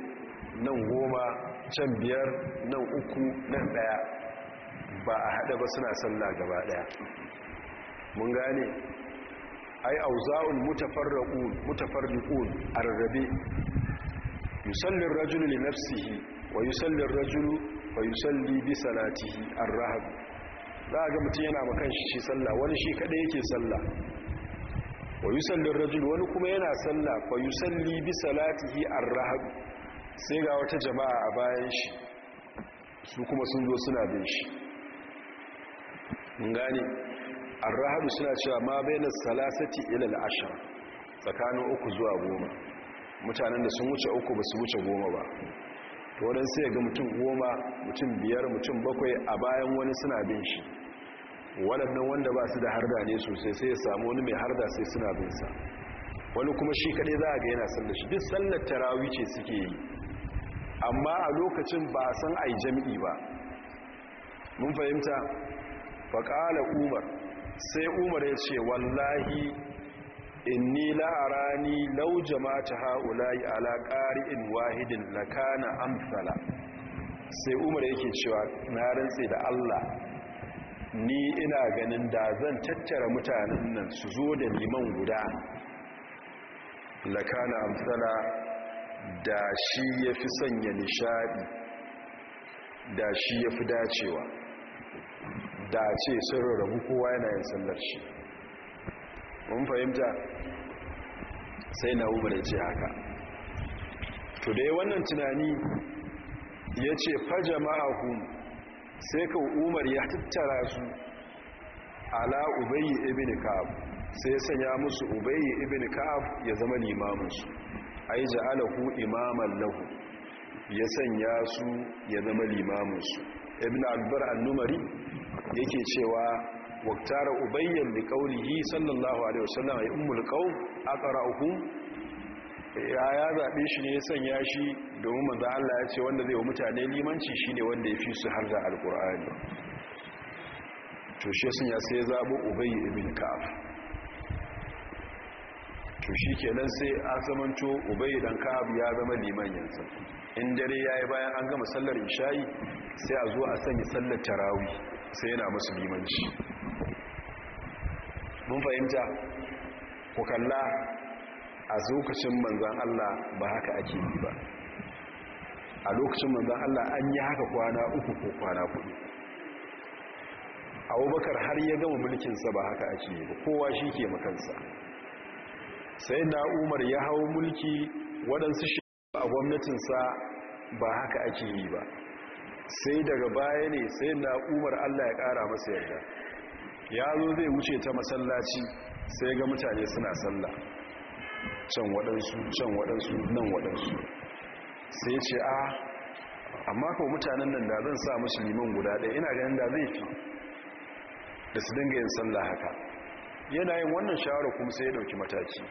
nan goma can biyar nan uku nan daya ba a hada ba suna sallah gaba daya mun gane ai auza'un wuza'un mutafarriqun a rarrabe yusallin rajulu nafsihi wa yusallin rajulu wa yusalli bi salatihi ar-rahab za ga mutum yana makan shi shi sallah wani shi kaɗai yake sallah wa sallin rajul wani kuma yana salla fa salli bi salatihi ar-rahab sai ga wata jama'a a bayan shi su kuma sun zo suna bin shi mun gane ar-rahab suna cewa ma na salasati ila al tsakanin uku zuwa goma mutanen da sun wuce uku ba su wuce goma ba to wadansu ya ga mutum goma mutum biyar mutum bakwai a bayan wani suna bin shi waɗannan wanda ba su da harda ne sosai sai ya samu wani mai harda sai suna binsa wani kuma shi kaɗai za a ga yana sallar shi duk sallar tarawi ce suke yi amma a lokacin ba a san ai jam'i ba mun fahimta faƙala umar sai umar ya ce wallahi inni la'arani lau jama'ata ha'ulayi ala ƙari'in wahidin lakana amsala sai umar yake cewa na rantse da allah ni ina ganin da zan tattara mutanen nan su zo da liman guda lakana amsala da shi ya fi sanya nishadi da shi ya fi dacewa da ce sun rarrabu kowa yana yin sallar shi mun fahimta sai na umar ce haka to dai wannan tunani ya ce fa jama'ahum sai ka umar ya tattara su ala ubayi ibn ka'ab sai sanya musu ubayi ibn ka'ab ya zama limaminsu ai ja'alahu imaman lahu ya sanya su ya zama limaminsu ibn albar annumari yake cewa waktara ubayyan bi qawlihi sallallahu alaihi wasallam ay ummul qaum aqra'uhum ya ya zaɓe shi ne ya sanya shi domin maza Allah ya ce wanda zai wa mutane limanci shi ne wanda ya fi su har da alkur'ani tushe sun ya sai zaɓo ubayi ibn ka'af to kenan sai an zamanto ubayi dan ka'af ya zama liman yanzu in dare ya yi bayan an gama sallar ishayi sai a zo a sanya sallar tarawi sai yana musu limanci mun fahimta ku kalla a lokacin manzan Allah ba haka ake yi ba a lokacin manzan Allah an yi haka kwana uku ko kwana kudu abubakar har ya gama mulkinsa ba haka ake yi ba kowa shi ke makansa sai na umar ya hau mulki waɗansu shi a gwamnatinsa ba haka ake yi ba sai daga baya ne sai na umar Allah ya ƙara masa yarda ya zo zai wuce ta masallaci sai ga mutane suna sallah can waɗansu can waɗansu nan waɗansu sai ce a amma kawo mutanen nan da zan sa musu liman guda ɗaya ina ganin da zai fi da su dinga yin sallah haka yana yin wannan shawarar kuma sai ya ɗauki mataki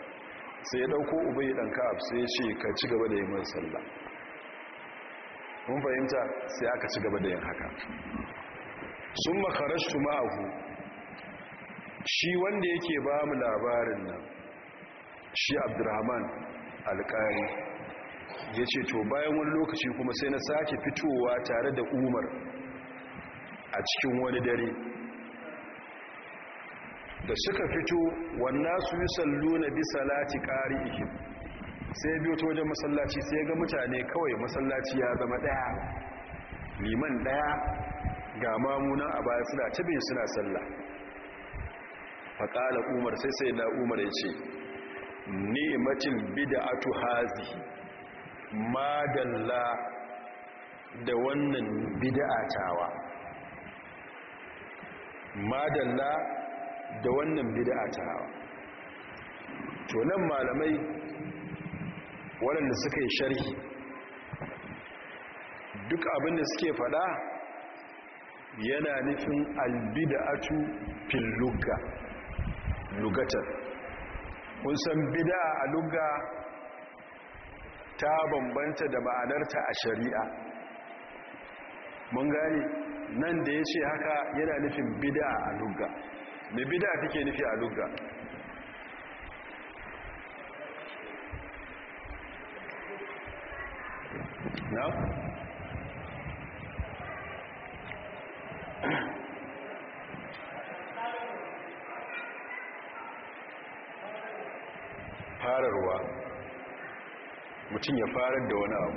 sai ya ɗauko ubai ɗan abu sai ya ce ka ci gaba da yin man sallah mun fahimta sai aka ci gaba da yin haka sun su ma'ahu shi wanda yake ba mu labarin nan shi abdurrahman alƙari ya ce to bayan wani lokaci kuma sai na sake fitowa tare da umar a cikin wani dare da suka fito wannan su yi sallu na bi salati ƙari ikin sai biyo ta wajen masallaci sai ga mutane kawai masallaci ya zama ɗaya liman ɗaya ga mamuna a baya suna tabi suna sallah faƙala umar sai sai na umar ya ce nemacin bid'atu hazihi madalla da wannan bid'atawa madalla da wannan bid'atawa to nan malamai waɗanda suka yi sharhi duk abin da suke faɗa yana nufin albida'atu fil lugga lugatar kun san bida a lugga ta bambanta da ma'anarta a shari'a mun gani nan da ya ce haka yana nufin bida a lugga mai bida kake nufi a lugga na? fararwa mutum ya farar da wani abu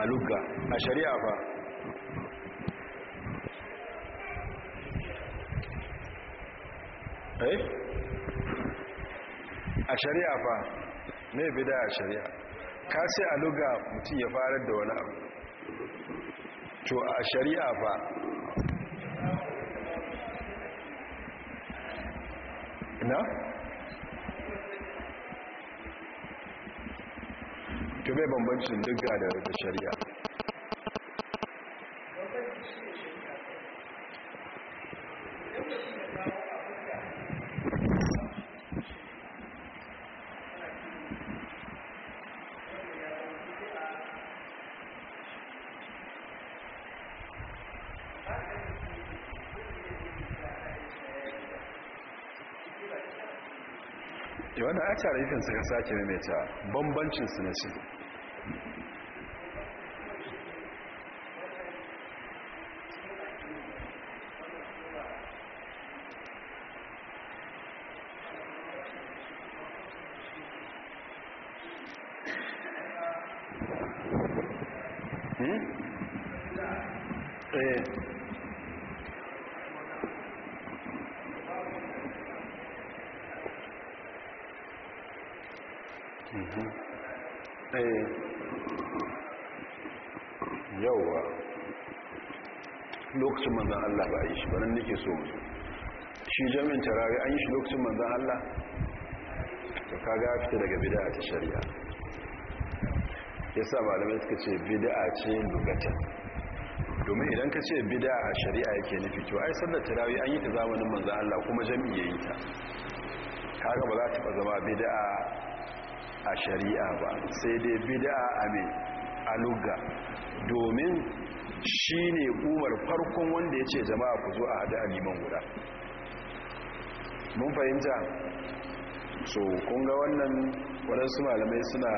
a luka a shari'a ba eh a shari'a ba ne bida a shari'a ka sai a luka mutum ya farar da wani abu to a shari'a ba na? to mai bambancin dukka da rufe shari'a wanda a tare ikin suka sake ta bambancinsu na shi lokacin manzan Allah to kaga fita daga bid'a ta shari'a ya sa malamai suka ce bid'a ce lugatan domin idan ka ce bid'a a shari'a yake nufi to ai sallar tarawih an yi ta zamanin manzan Allah kuma jami'i yi ta kaga ba za ta ba zama bid'a a shari'a ba sai dai bid'a a me a domin domin ne umar farkon wanda ya ce jama'a ku zo a hada liman guda mun fahimta so kun ga wannan waɗansu malamai suna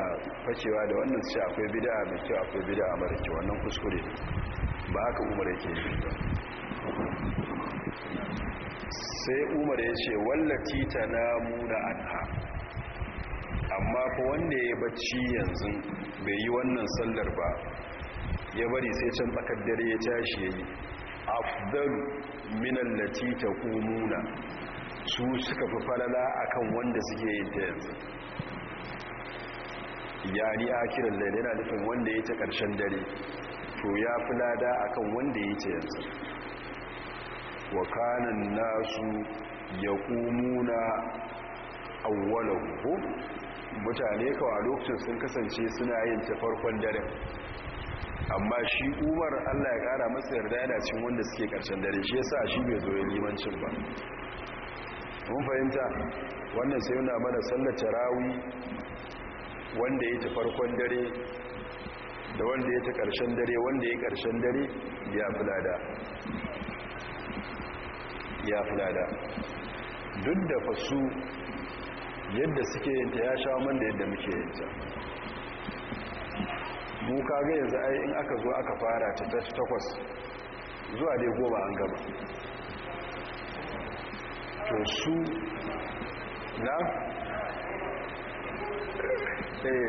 fakewa da wannan ce akwai bida mai kyau akwai bida a mara kyau wannan kuskure ba haka umar yake yi ba sai umar ya ce wallati ta namu na anha amma ku wanda ya bacci yanzu bai yi wannan sallar ba ya bari sai can tsakar dare ya tashi ya yi afdal latita ku muna su suka fi falala akan wanda suke yin ta yanzu ya ni kiran da yana nufin wanda ya ta karshen dare to ya fi lada akan wanda ya ta yanzu wakanan nasu ya kumuna awwalan ko mutane kawai lokacin sun kasance suna yin ta farkon dare. amma shi umar allah ya kara masa yarda yana cin wanda suke karshen dare shi ya sa shi bai zo yin limancin ba mun fahimta wannan sai yana mana sallar tarawi wanda ya ta farkon dare da wanda ya ta ƙarshen dare wanda ya ƙarshen dare ya fulada ya fulada duk da fasu yadda suke yinta ya sha man da yadda muke yinta mu ga yanzu ai in aka zo aka fara ta takwas zuwa dai goma an gaba to su na eh.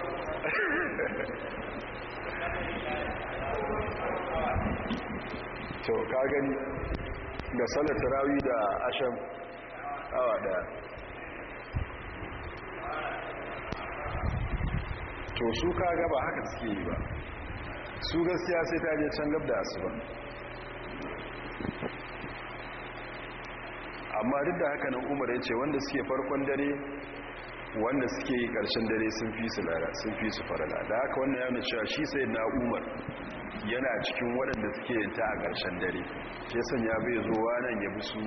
to ka gani da salar tarawi da asham awa daya to su ka gaba haka suke yi ba su gaskiya sai ta je can gab da asuba amma duk da haka nan umar ya ce wanda suke farkon dare wanda suke yi karshen dare sun fi su lara sun fi su farala da haka wannan yana cewa shi sai na umar yana cikin waɗanda suke yin ta a karshen dare ke sanya bai wa nan ya bi su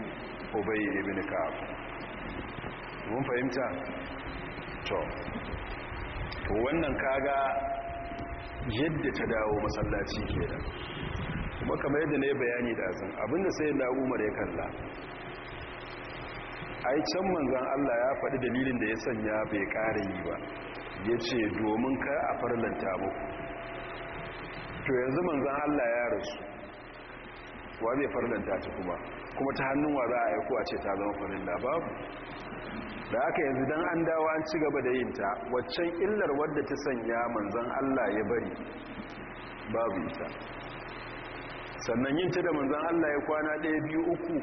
ibi ibn kafa mun fahimta to wannan kaga yadda ta dawo masallaci ke da kuma kamar yadda na yi bayani da zan abinda sai na umar ya kalla ai can manzan Allah ya faɗi dalilin da ya sanya bai ƙara yi ba ya ce domin ka a farlanta muku to yanzu manzan Allah ya rasu wa zai farlanta ta kuma kuma ta hannun wa za a aiko a ce ta zama farin babu da aka yanzu don an dawa an ci gaba da yinta waccan illar wadda ta sanya manzan Allah ya bari babu ita sannan yinta da manzan Allah ya kwana ɗaya biyu uku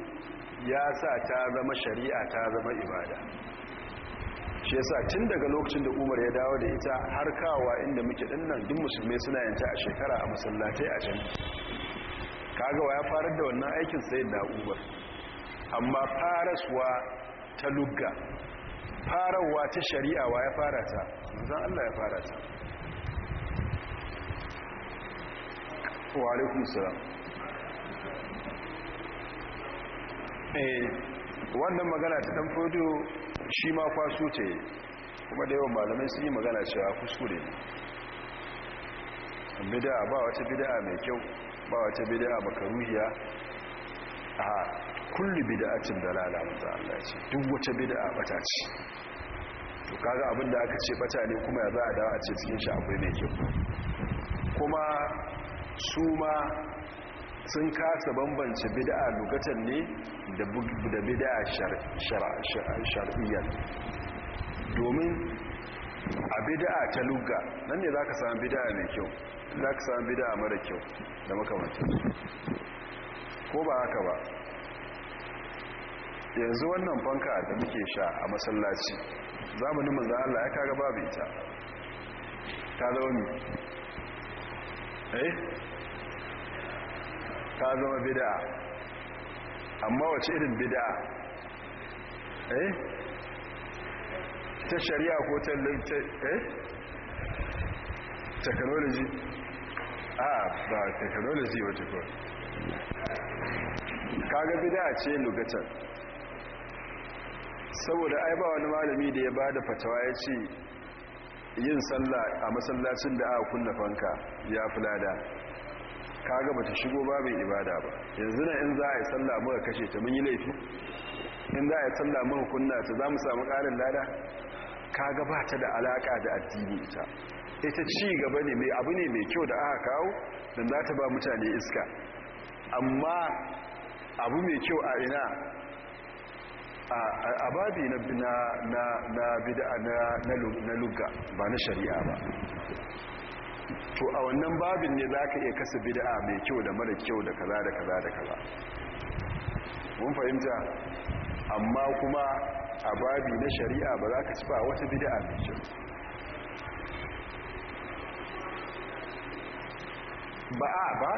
ya sa ta zama shari'a ta zama ibada shi yasa tun daga lokacin da umar ya dawo da ita har kawa inda muke dinnan duk musulmi suna yanta a shekara a masallatai a can kagawa ya farar da wannan aikin sai da umar amma faraswa ta lugga farawa ta shari'a wa ya fara ta zan Allah ya fara ta wa alaikum salam Eh, wannan magana ta dan fodo shi ma kwaso ce kuma da yawan malamai sun yi magana cewa kuskure ne bid'a ba wata bid'a mai kyau ba wata bid'a makaruhiya a kullu bid'atin dalala manzo Allah ce duk wata bid'a bata ce to kaga abin da aka ce bata ne kuma ya za a dawo a ce cikin shi akwai mai kyau kuma su ma sun kasa bambance bid'a lokacin ne da bid'a shar'iyyar domin a bid'a ta lugga nan ne za ka sami bid'a mai kyau za ka sami bid'a mara kyau da makamanta ko ba haka ba yanzu wannan fanka da muke sha a masallaci zamanin manzan Allah ya kaga babu ita ta zaune eh ta zama bida amma wace irin bida eh ta shari'a ko ta eh technology a ah, ba technology wace ko kaga bida ce lugatar. saboda ai ba wani malami da ya bada fatawa ya ce yin sallah a masallacin da aka kunna fanka ya fulada kaga ta shigo babin ibada ba yanzu na in za a yi sallah muka kashe ta mun yi laifi in za a yi sallah muka kunna ta za mu samu ƙarin lada kaga ba ta da alaƙa da addini ita ita ci gaba ne mai abu ne mai kyau da aka kawo don za ta ba mutane iska amma abu mai kyau a ina a babi na bida na lugga ba na shari'a ba to a wannan babin ne za ka iya kasa bida'a mai kyau da mara kyau da kaza da kaza da kaza mun fahimta amma kuma a babi na shari'a ba za ka sifa ba wata bida'a mai kyau ba a ba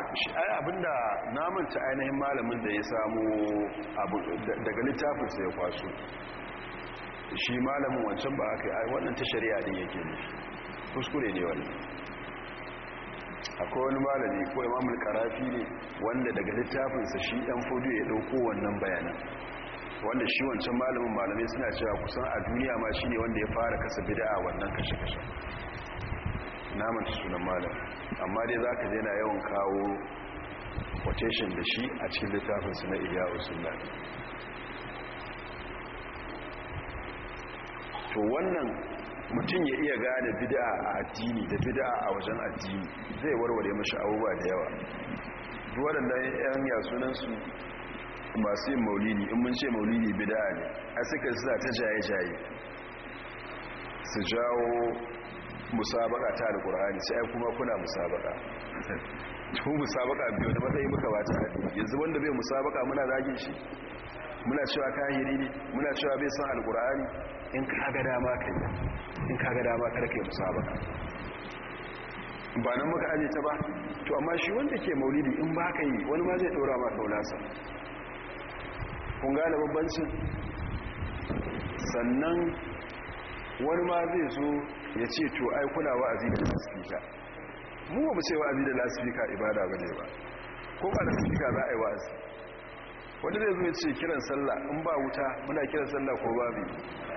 ai abinda namanta ainihin malamin da ya samu daga littafinsa ya kwaso shi malamin wancan ba aka yi wannan ta shari'a din yake ne kuskure ne wannan akwai wani malami ko imamul karafi ne wanda daga littafinsa shi ɗan ya dauko wannan bayanan wanda shi wancan malamin malamai suna cewa kusan a duniya ma shine wanda ya fara kasa bida'a wannan kashe-kashe namanta sunan malam amma dai zaka je na yawan kawo quotation da shi a cikin littafinsu na iya usulla to wannan mutum ya iya gane bid'a a addini da bid'a a wajen addini zai warware mashi abubuwa da yawa duwadan da yan yasunansu masu yin maulini in mun ce maulini bid'a ne a suka suna ta jaye-jaye su jawo musabaka ta alkur'ani sai kuma kuna musabaka tun musabaka biyu da matsayi muka bata yanzu wanda bai musabaka muna zagin shi muna cewa kahiri ne muna cewa bai san alkur'ani in ka ga dama kai in ka ga dama kar kai musabaka ba nan muka aje ta ba to amma shi wanda ke maulidi in ba ka yi wani ma zai dora ma kaulasa kun gane babbancin sannan wani ma zai zo ya ce to ai kuna wa'azi da lasifika mu ba mu ce wa'azi da lasifika ibada ba ne ba ko ba lasifika za a yi wa'azi wanda zai zo ya ce kiran sallah in ba wuta muna kiran sallah ko babu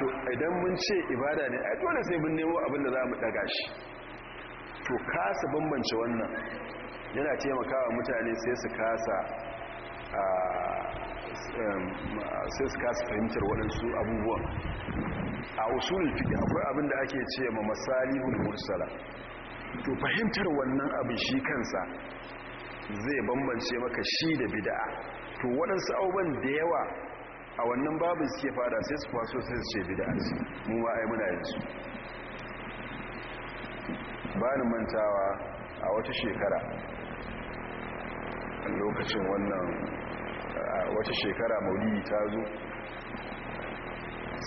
to idan mun ce ibada ne ai dole sai mun nemo abin da za mu daga shi to kasa bambance wannan yana taimakawa mutane sai su kasa sai su kasa fahimtar waɗansu abubuwan a usul fiye akwai abin da ake ce ma masalihul mursala to fahimtar wannan abin shi kansa zai bambance maka shi da bida'a to waɗansu abubuwan da yawa a wannan babin suke fada sai su faso sai su ce bida su mu a yi muna yanzu ba ni mantawa a wata shekara lokacin wannan wata shekara maulidi ta zo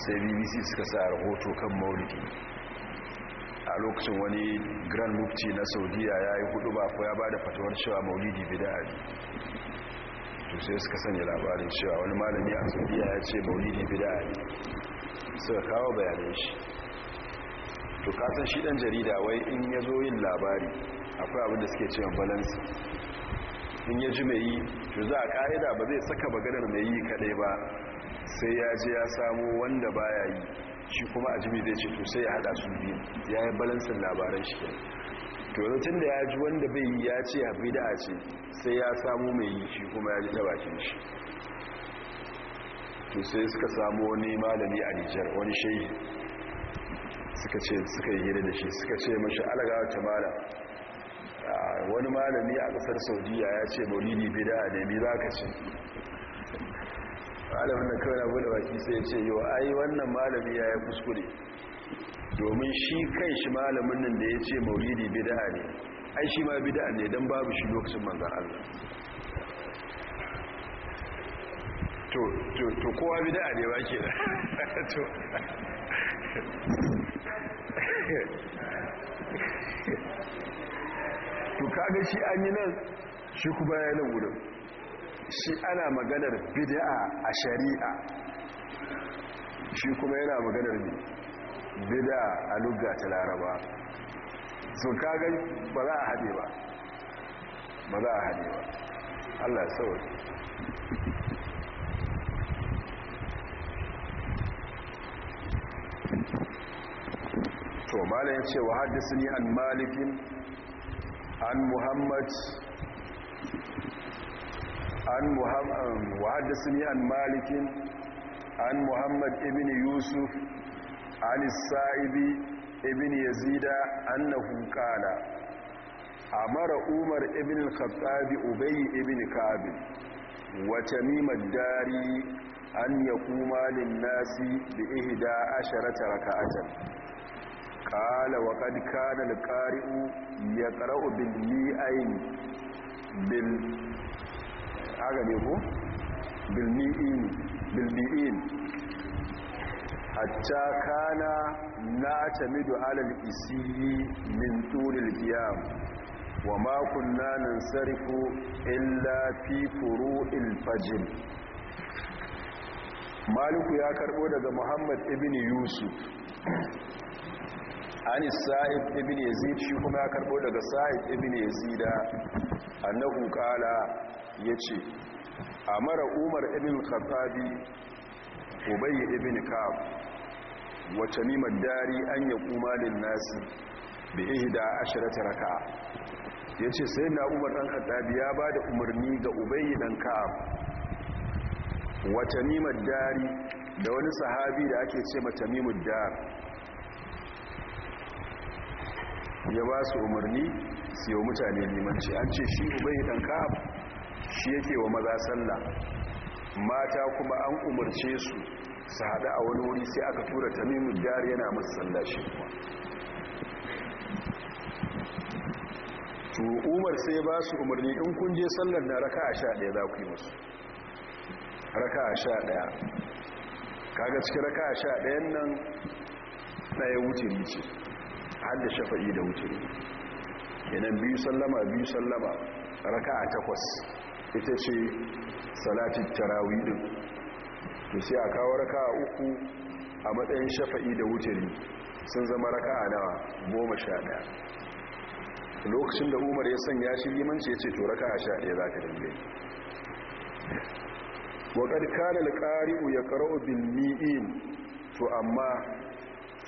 sai bbc suka sa rahoto kan maulidi a lokacin wani grand mufti na saudiya ya yi hudu ba ko ya ba da fatawar cewa maulidi bida to sai suka sanya labarin cewa wani malami a sufiya ya ce maulidi bida ne suka kawo bayanan shi to kasan shi dan jarida wai in ya zo yin labari akwai da suke cewa balansi in ya ji mai yi to za a ka'ida ba zai saka maganar mai yi kadai ba sai ya je ya samu wanda baya yi shi kuma a jimi zai ce to sai ya hada su biyu ya yi balansin labaran shi kenan tunatun da ya ji wanda bai yi ya ce hafi da a ce sai ya samu mai yi shi kuma ya ji ta bakin shi to sai suka samu wani malami a nijar wani shayi suka ce suka yi gida da shi suka ce mashi alaga wata mala wani malami a ƙasar saudiya ya ce maulidi bida a nemi za ka ce malamin da kawai na bude baki sai ce yau ai wannan malami ya yi kuskure domin shi kan shi malamin nan da ya ce mauridi bida'a ne ai shi ma bida'a ne don babu shi lokacin manzan Allah to kowa bida'a ne ba ke da to to kaga shi an yi nan shi ku ya nan wurin shi ana maganar bida'a a shari'a shi kuma yana maganar ne bida a lugga ta laraba so kaga ba za a haɗe ba ba za a haɗe ba allah sauri to malayin ce wa haddasa ni an malikin an muhammad an muhammad wa haddasa ni an malikin an muhammad ibn yusuf عن السائب ابن يزيد أنه قال أمر عمر ابن الخطاب أبي ابن كعب وتميم الداري أن يقوم للناس بإهدى عشرة ركعة قال وقد كان القارئ يقرأ بالمئين بال... أغنيه بالمئين بالمئين hatta kana na tamidu alal isiyi min turil qiyam wa ma kunna nansarifu illa fi furu'il fajr maliku ya karbo daga muhammad ibn yusuf ani sa'id ibn yazid shi kuma ya karbo daga sa'id ibn yazid annahu qala yace amara umar ibn khattabi ubayy ibn ka'ab wa tamim dari an kuma lin nasi bi ihda Ya raka'a yace na umar dan khattab ya bada umarni ga ubayy dan kaf wa tamim dari da wani sahabi da ake ce ma tamim ya ba su umarni su yi mutane limanci an ce shi ubayy dan kaf shi yake wa maza sallah mata kuma an umarce su su haɗu a wani wuri sai aka tura tamimu jari yana masu sallashi kuma to umar sai ba su umarni in kun je sallar na raka a sha ɗaya za ku yi musu raka a sha ɗaya kaga cikin raka a sha ɗayan nan ɗaya wuturi ce har da shafa'i da wuturi yanan biyu sallama biyu sallama raka a takwas ita ce salatin tarawi din to sai a kawo raka a uku a matsayin shafa'i da wuturi sun zama raka a nawa goma sha ɗaya lokacin da umar ya sanya shi limanci ya ce to raka a sha ɗaya za ka dinga waƙar kana alƙari'u ya ƙara'u bin in to amma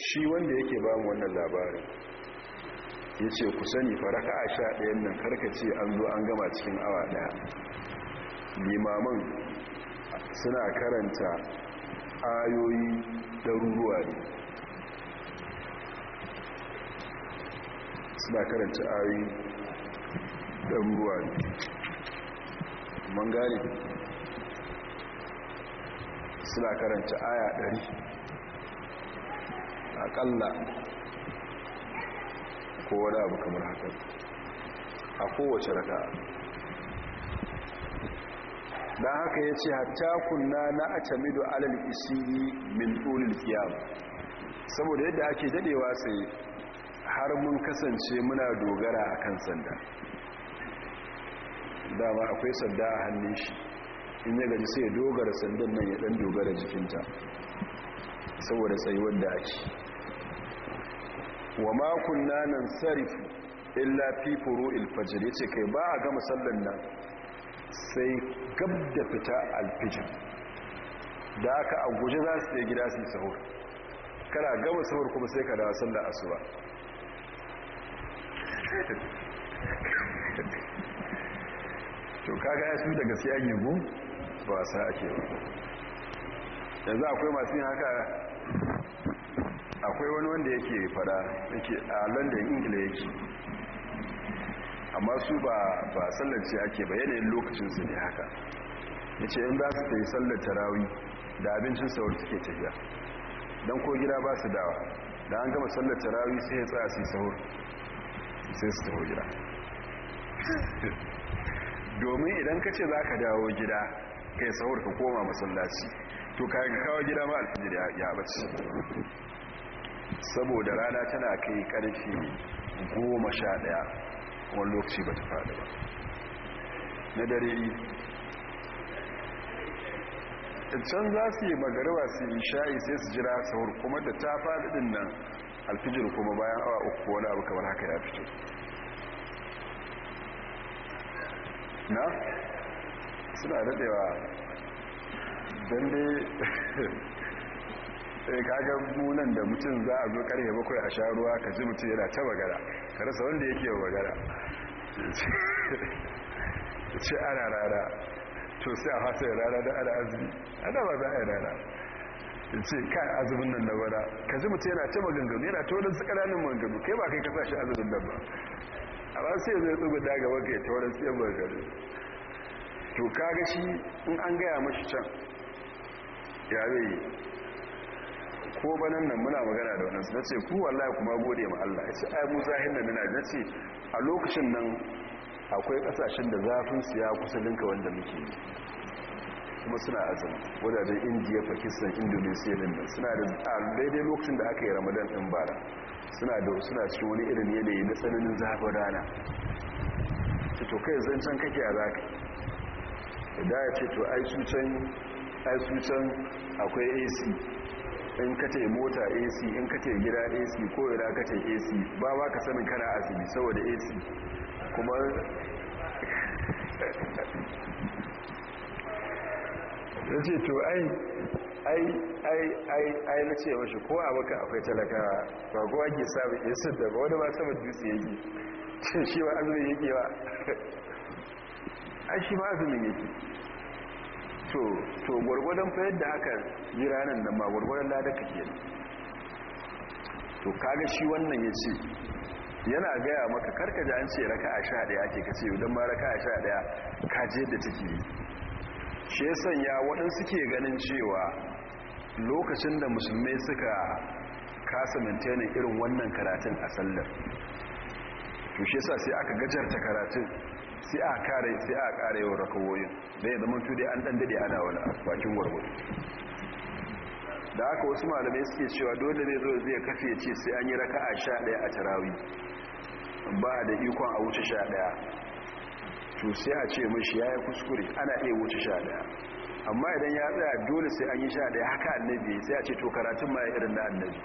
shi wanda yake ba mu wannan labarin ya ce ku sani faraka a sha ɗayan nan karkace an zo an gama cikin awa ɗaya limaman suna karanta ayoyi ruruwa ne suna karanta ayoyi ruruwa ne man suna karanta aya ɗari aƙalla ko wani abu kamar haka a kowace raka'a don haka ya ce hatta kunna na a tamido alal isiri min tsulil kiyam saboda yadda ake dadewa sai har mun kasance muna dogara a kan sanda dama akwai sanda a hannun shi in ya gani sai ya dogara sandan nan ya dan dogara jikinta saboda tsayuwar da ake wa makon nanan sarifu illa fi furu ilfajir ya kai ba a gama sallan nan sai gab da fita alfijin da aka a guje za su gida su yi sahur kana gaba sahur kuma sai ka dawa sallar ba. to kaga ya su daga gaske an yiwu ba sa ake ba yanzu akwai masu yin haka akwai wani wanda yake fada yake a london ingila yake amma su ba ba sallar ake ba yanayin lokacin su ne haka ce yin za su yi sallar tarawih da abincin sahur suke tafiya don ko gida ba su dawa da an gama sallar tarawih sai ya tsaya su sauwar sai su tafi gida domin idan ka ce za ka dawo gida kai sauwar ka koma masallaci to kayan kawo gida ma alfijir ya bace saboda rana tana kai karfi goma sha daya wani lokaci ba ta faɗi ba na dare yi can za su yi magarawa su yi sha'i sai su jira sahur kuma da ta faɗi ɗin nan alfijir kuma bayan awa uku wani abu kamar haka ya fito na suna daɗewa don dai eh, kagar munan da mutum za a zo karfe bakwai a sha ruwa ka ji mutum yana ta bagara ka rasa wanda yake bagara ce ana rara to sai a ya rara da ana azumi ana ba za a yi rara ya ce a azumin nan na wada ka ji mutu yana ta maganganu yana ta wani tsakananin maganganu kai ba kai ka sashi azumin nan ba a ba sai zai tsubu da gaba kai ta wani tsayin maganganu to kaga shi in an gaya mashi can ya zai yi ko banan nan muna magana da wannan na ce ku wallahi kuma gode ma Allah ya ce ai mu zahin nan na ce a lokacin nan akwai kasashen da zafin su ya kusa linka wanda muke kuma suna azumi wajajen indiya pakistan indonesia din nan suna da daidai lokacin da aka yi ramadan din bara suna da suna ci wani irin yanayi na tsananin zafin rana to kai zancen kake a zaka da ya ce to ai akwai ac in ka ce mota ac in ka ce gida ac ko ina ka ce ac ba ba ka sanin kana asibi saboda ac kuma ya ce to ai ai ai ai ai na ce mashi ko a maka akwai talakawa ba kowa ke samun yasin da ba wani ba sama dutse yake shi ba azumin yake ba ai shi ba azumin yake to to gwargwadon fa yadda aka yi ranar ma gurgurdan gwargwadon lada kake to kaga shi wannan ya ce yana gaya maka da an ce raka a sha daya ake kace idan ma raka a sha daya kaje da take yi shi ya sanya waɗansu ke ganin cewa lokacin da musulmai suka kasa maintainin irin wannan karatun a sallar to shi sai aka gajarta karatun sai a kare sai a kare yawan rakawoyin da ya zama tudai an dan dade ana wani bakin warware da aka wasu malamai suke cewa dole ne zo zai kafe ce sai an yi raka'a 11 a tarawi ba da ikon a wuce 11 to sai a ce mashi ya yi kuskure ana iya wuce sha daya amma idan ya tsaya dole sai an yi sha daya haka annabi sai a ce to karatun ma ya irin na annabi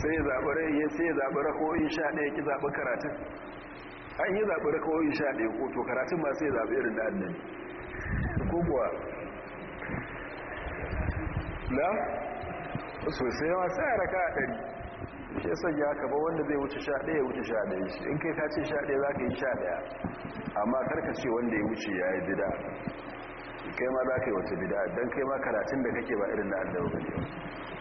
sai ya zaɓi rai sai ya zaɓi rako'in sha ɗaya ki zaɓi karatun an yi zaɓi rako'in sha ɗaya ko to karatun ma sai ya zaɓi irin da annan ko kuwa na sosai yawa sai a raka a ɗari shi ya sanya wanda zai wuce sha ɗaya ya wuce sha ɗaya shi in kai ka ce sha ɗaya za ka yi sha ɗaya amma karka ce wanda ya wuce ya yi bida kai ma za ka yi wata bida don kai ma karatun da kake ba irin da annabi ba ne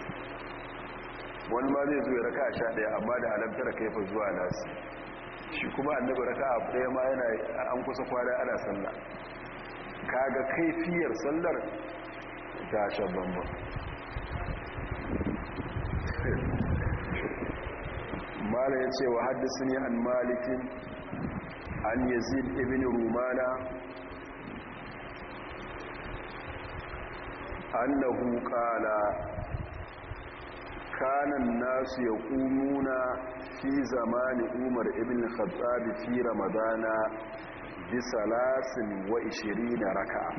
wani ma zai zo ya raka sha daya amma da halamtar kaifin zuwa nasi shi kuma annabi raka a ɗaya ma yana an kusa kwana ana sallah kaga kaifiyar sallar ta sha bambam mala ya ce wa haddasa ne an malikin an yazid ibn rumana annahu kala. kanan nasu ya ƙununa fi zamani umar ibn khattabi fi ramadana bi salasin wa ishiri na raka'a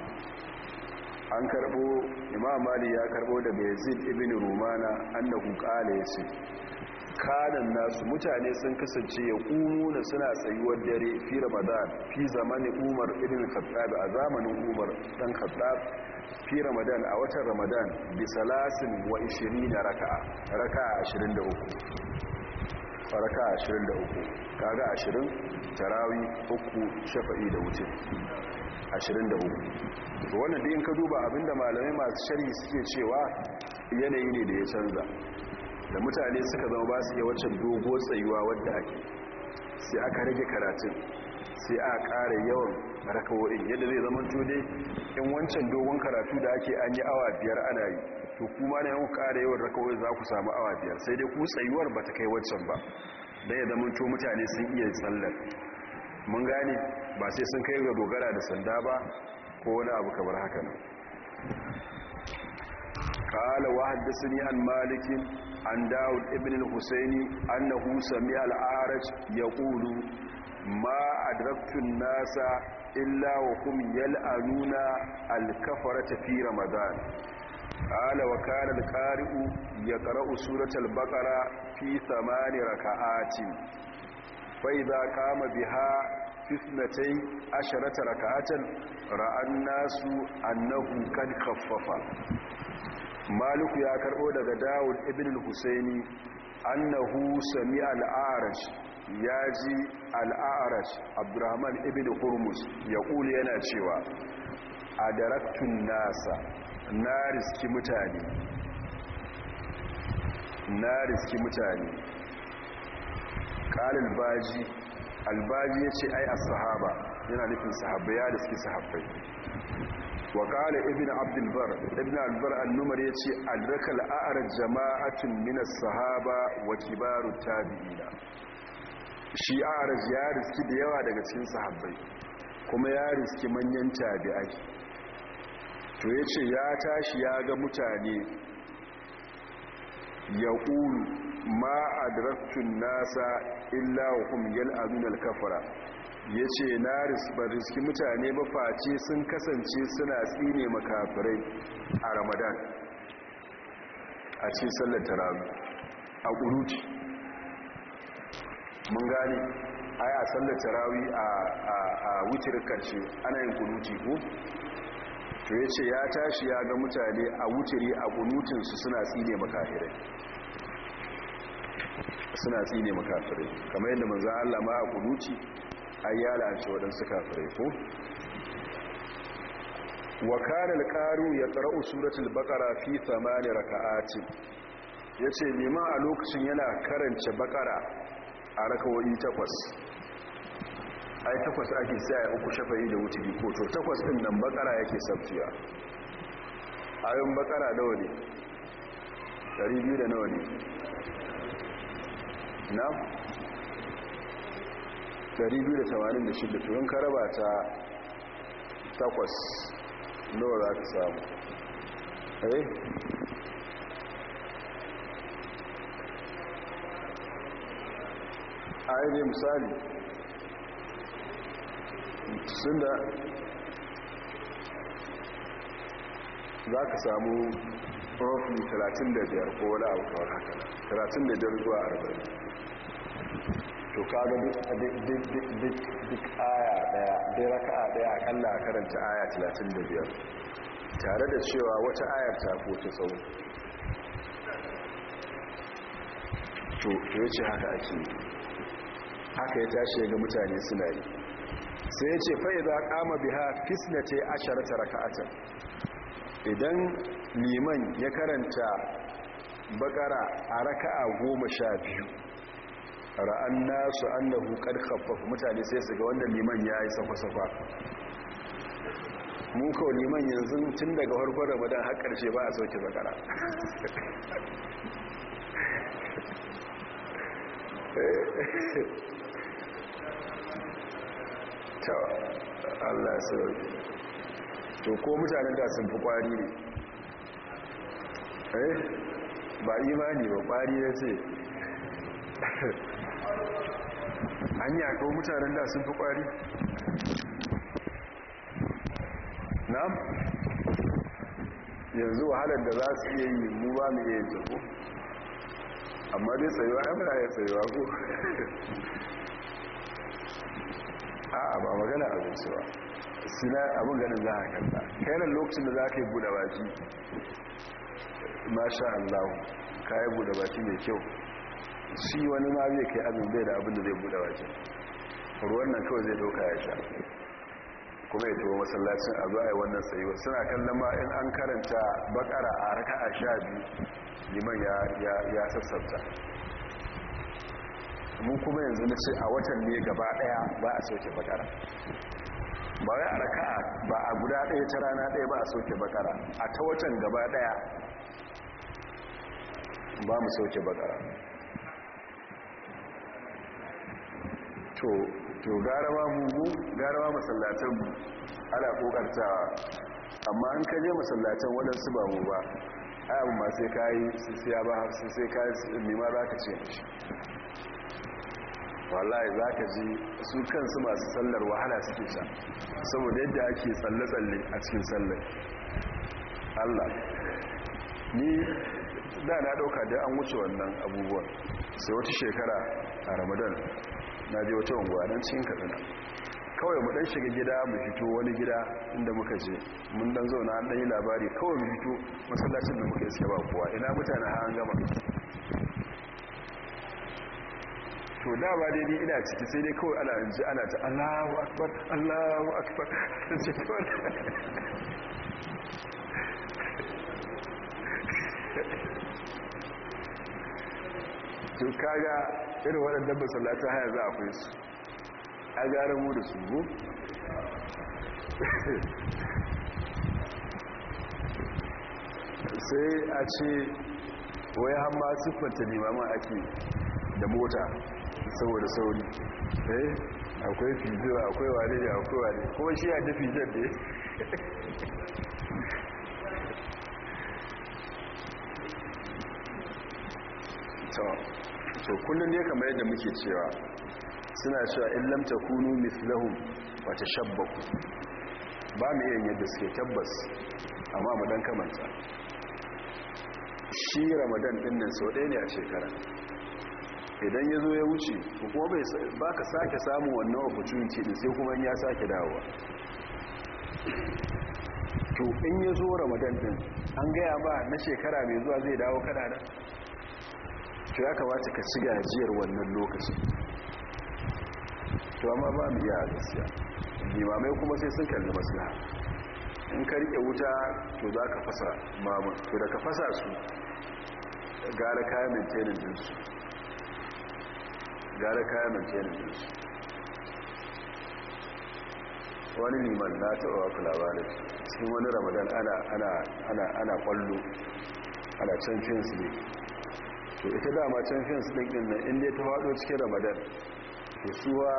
an karbo imam mali ya karbo daga yazid ibn rumana annahu qala yace kanan nasu mutane sun kasance ya ƙununa suna tsayuwar dare fi ramadan fi zamani umar ibn khattabi a zamanin umar dan khattabi fi ramadan a watan ramadan bisa salasin wa 20 raka'a raka'a 23 raka'a 23 kaga 20 tarawi uku shafa'i da wuce 23 wannan da in ka duba abinda malamai masu shari'i suke cewa yanayi ne da ya canza da mutane suka zama ba su iya waccan dogo tsayuwa wadda ake sai aka rage karatun sai aka kara yawan rakawo'in yadda zai zama dai in wancan dogon karatu da ake an yi awa biyar ana yi to kuma na yawan ƙara yawan rakawo'in za ku samu awa biyar sai dai ku tsayuwar ba ta kai wancan ba da ya zama to mutane sun iya tsallar mun gane ba sai sun kai ga dogara da sanda ba ko wani abu kamar haka nan قال وحدثني عن مالك عن داود ابن الحسين أنه سمع العارج ma ما أدركت nasa illa wa kum yal'anuna al ta fi ramadan qala wa kana al-qari'u yaqra'u suratal baqara fi thamani raka'atin fa idza qama biha fitnatai asharata raka'atan ra'an nasu annahu kad khaffafa maliku ya karbo daga dawud ibn al-husaini annahu sami al-arash ya ji al'arash abdurrahman ibn hurmus ya ƙuli yana cewa a daraktun nasa na riski mutane na riski mutane ƙalil baji albaji ya ce ai a sahaba yana nufin sahabbai ya riski sahabbai wa ƙala ibn abdulbar ibn albar annumar ya ce albarkar a'arar jama'atun minas sahaba wa kibarun tabi'ina shi a'araj ya riski da yawa daga cikin sahabbai kuma ya riski manyan tabi'ai to ya ce ya tashi ya ga mutane ya ƙulu ma adraktun nasa illa yal yal'adun alkafara ya ce na riski mutane ba face sun kasance suna tsine makafirai a ramadan a cikin sallar tarazu a ƙuruci mun gane ai a sallar tarawi a wutar karshe ana yin kunuti ko to ya ce ya tashi ya ga mutane a wutari a kunutinsu suna tsine makafirai suna tsine makafirai kamar yadda manzan Allah ma a kunuti ai ya la'anci waɗansu kafirai ko wa kana al ya qara'u suratul baqara fi thamani raka'atin yace neman a lokacin yana karanta baqara a rakawoyi takwas ai takwas ake sai a uku shafayi da wuce ko to takwas ɗin nan bakara yake sabtiya ayon bakara nawa ne Dari biyu da nawa ne na Dari biyu da tamanin da 286 turin karaba ta takwas nawa za ka samu eh a ainihin misali sun da za ka samu roughly 35 ko wani abu kawar haka 35 zuwa 40 to kaga duk aya daya dai raka a daya akalla a karanta aya 35 tare da cewa wata ayar ta ta tsawo to ya ce haka ake yi haka ya tashi ga mutane suna yi sai ya ce fai za kama biha fisnace asharata raka'atan idan liman ya karanta bakara a raka'a goma sha biyu ra'an nasu annahu qad mutane sai su ga wanda liman ya yi safa-safa muka liman yanzu tun daga farkon Ramadan har karshe ba a sauke bakara ta allah sarari to ko mutanen da sun fi kwari ne eh ba imani ba kwari ya ce an yi ko mutanen da sun fi kwari na yanzu wahalar da za su iya yi mu ba mu iya yi amma dai tsayuwa ya mara ya tsayuwa ko a'a ba magana abinci ba na abin ganin za a kalla kayanar lokacin da za ka yi buɗe baki masha allahu ka yi buɗa baki mai kyau shi wani ma zai kai abin bai da abin da zai buɗe baki ruwan nan kawai zai ɗauka ya sha kuma ya tuwa masallacin a zuwa wannan tsayuwa suna kallon ma in an karanta bakara a raka a sha biyu liman ya sassabta mu kuma yanzu na ce a watan ne gaba daya ba a soke bakara ba wai a ba a guda daya ta rana daya ba a soke bakara a ta watan gaba daya ba mu soke bakara to to garawa mu garawa masallatan mu ana kokartawa amma an kaje masallatan wadansu ba mu ba ai abu ma sai kai sai ya ba sai kai mimar zaka ce wallahi za ka ji su kansu masu sallar wahala suke sha saboda yadda ake tsalle-tsalle a cikin sallar allah ni da na dauka da an wuce wannan abubuwan sai wata shekara a ramadan na je wata unguwa don cikin katsina kawai mu dan shiga gida mu fito wani gida inda muka je mun dan zauna an dan yi labari kawai mu fito masallacin da muka yi ba kowa ina mutane har an gama to da ba daidai ni ina ciki sai dai kawai ana ji ana ta Allahu akbar Allahu akbar to to kaga irin waɗannan salata haya za a kai su a gara mu da su go sai a ce wai hamma siffanta limamin ake da mota saboda sauri eh akwai fijo akwai wane da akwai wane kuma shi ya da fijon da to kullum ne kamar yadda muke cewa suna cewa in lamta kunu mislahu wata shabbaku ba mu iya yadda suke tabbas amma mu dan kamanta shi ramadan ɗin nan sau ɗaya ne a shekara idan ya zo ya wuce kuma ba ka sake samun wannan opportunity da sai kuma ya sake dawowa to in ya zo ramadan din an gaya ba na shekara mai zuwa zai dawo kanada to ya kamata ka ci gajiyar wannan lokacin to amma ba mu iya gaskiya limamai kuma sai sun kalli maslaha in ka rike wuta to za ka fasa mamun to da ka fasa su gara kayan maintenance su gara kayan mantenin dinsu wani liman na taɓa kulawa labarin cikin wani ramadan ana kwallo ana champions league to ita dama champions league ɗin nan inda ta faɗo cikin ramadan ke suwa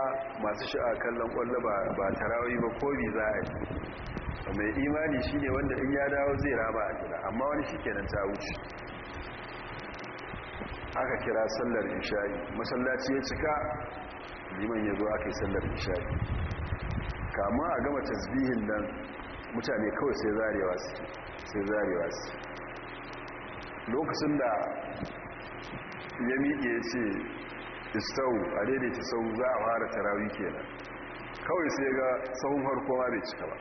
masu sha'a kallon kwallo ba tarawai ba ko bi za a yi mai imani shi ne wanda in ya dawo zai rama a gida amma wani shi kenan ta wuce aka kira sallar isha'i masallaci ya cika liman ya zo aka yi sallar isha'i kama a gama tasbihin nan mutane kawai sai zarewa su sai zarewa su lokacin da ya miƙe ya ce istau a daidaita sau za a fara tarawi kenan kawai sai ga tsawon harko ma bai cika ba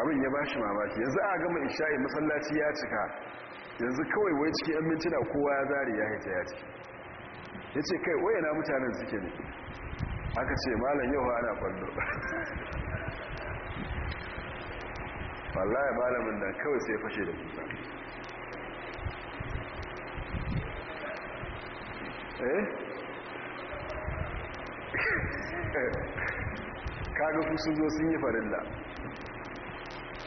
abin ya ba shi mamaki yanzu a gama isha'i masallaci ya cika yanzu kawai wai cikin yan mintuna kowa ya zari ya haita ya ciki ya ce kai na mutanen suke ne aka ce malam yau ana kwallo wallahi malamin da kawai sai fashe da kusa eh kaga su sun zo sun yi farilla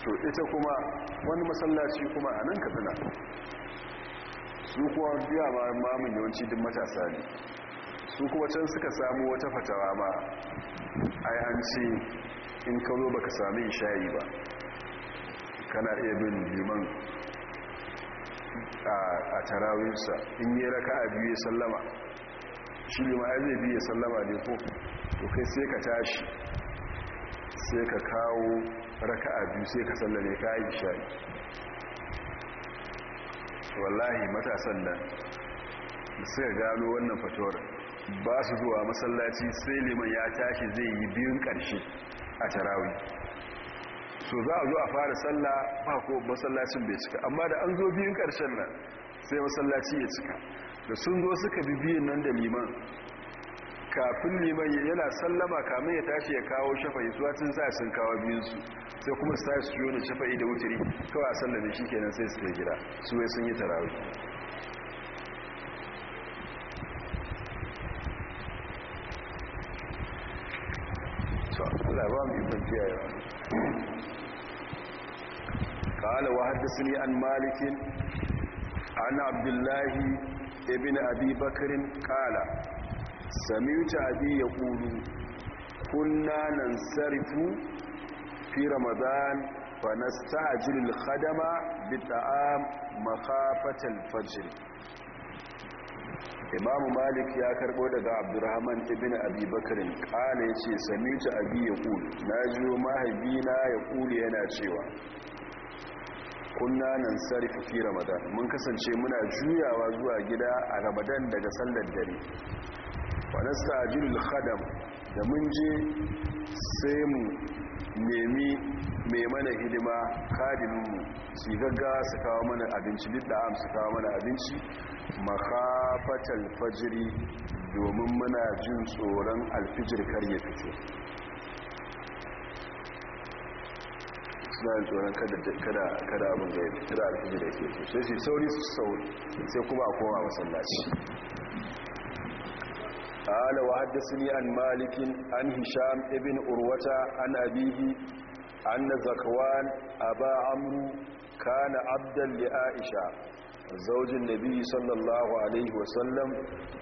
to ita kuma wani masallaci kuma a nan kafina su kuwa biya ma mamun yawanci duk matasa ne su kuma can suka samu wata fatawa ma a yi hanci in kawo baka sami shayi ba kana iya bin liman a tarawinsa in yi raka a biyu ya sallama shi liman ai zai biyu ya sallama ne ko to kai sai ka tashi sai ka kawo raka'a biyu sai ka sallame ka yi isha'i wallahi matasan nan suka gano wannan fatowar ba su zuwa masallaci sai liman ya tashi zai yi biyun ƙarshe a tarawi so za a zo a fara sallah ba ko masallacin bai cika amma da an zo biyun ƙarshen nan sai masallaci ya cika da sun zo suka bi biyun nan da liman kafin liman yana sallama kamun ya tashi ya kawo shafa'i suwa tun sa sun kawo biyunsu sai kuma su yi wani da shafa'i da wuturi kawai a sallame shi kenan sai su kai gida su wai sun yi tarawi قال وحدثني عن مالك عن عبد الله ابن أبي بكر قال samitu abi ya ƙulu kunna nan sarifu fi ramadan fa al khadama bi ta'am makhafatal fajr imamu malik ya karbo daga abdurrahman ibn abi bakr kala yace ce abi ya ƙulu na jiyo mahaifina ya yana cewa kunna nan sarifu fi ramadan mun kasance muna juyawa zuwa gida a ramadan daga sallar dare fanasta ajiyar khadam da mun je sai mu nemi mai mana hidima kadinmu su gagga su kawo mana abinci am su kawo mana abinci makafatar fajiri domin muna jin tsoron alfijir kar ya fito suna tsoron kada abin da ya fito da alfijir da ke fito sai sauri su sauri sai kuma a kowa masallaci قال وحدثني عن مالك عن هشام ابن أروة عن أبيه أن زكوان أبا عمرو كان عبدا لآئشة زوج النبي صلى الله عليه وسلم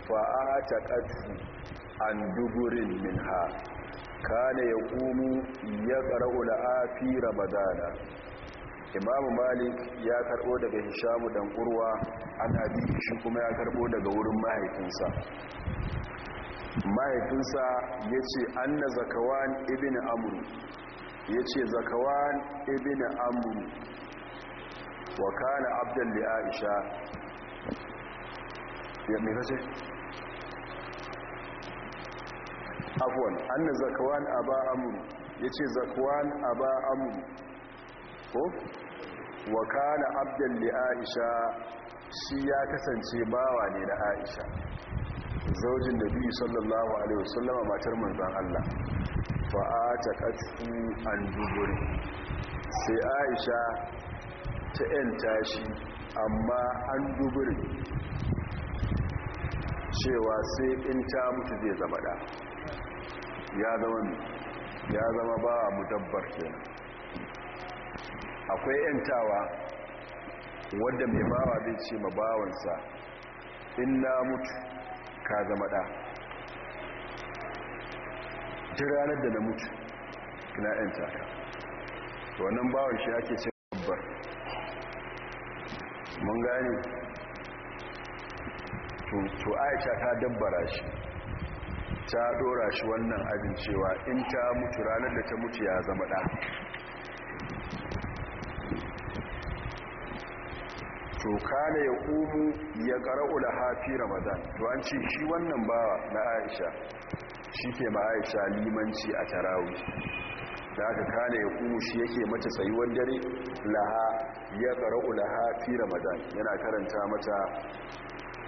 فأعتقته عن دبر منها كان يقوم يقرأ لها في رمضان imamu malik ya karbo daga hishamu dan urwa ana abi shi kuma ya karbo daga wurin mahaifinsa mahaifinsa ya ce an na zakawan ibini amuru ya ce zakawan ibini amuru wa kana abdan da aisha ya mai rashe abuwan an na zakawan ba amuru ya ce zakawan ba amuru ko wa kana abdan da aisha shi ya kasance bawa ne da aisha zaujin da biyu sallallahu alaihi wasallam a matar manzan Allah fa'ata katsu an duburi sai aisha ta yanta shi amma an duburi cewa sai in ta mutu zai zama da ya zama ya zama ba a mudabbar kenan akwai yantawa wadda mai bawa zai ce ma bawansa in na mutu ka zama ɗa ta ranar da na mutu na ‘yanta ka wannan bawon shi ake cin babbar mun gani to aisha ta dabbara shi ta dora shi wannan abincewa in ta mutu ranar da ta mutu ya zama ɗa to kana ya kumu ya hafi ramadan to an ce shi wannan ba na Aisha shi ke ma Aisha limanci a tarawi da aka kana ya kumu shi yake mata tsayuwar dare laha ya hafi ramadan yana karanta mata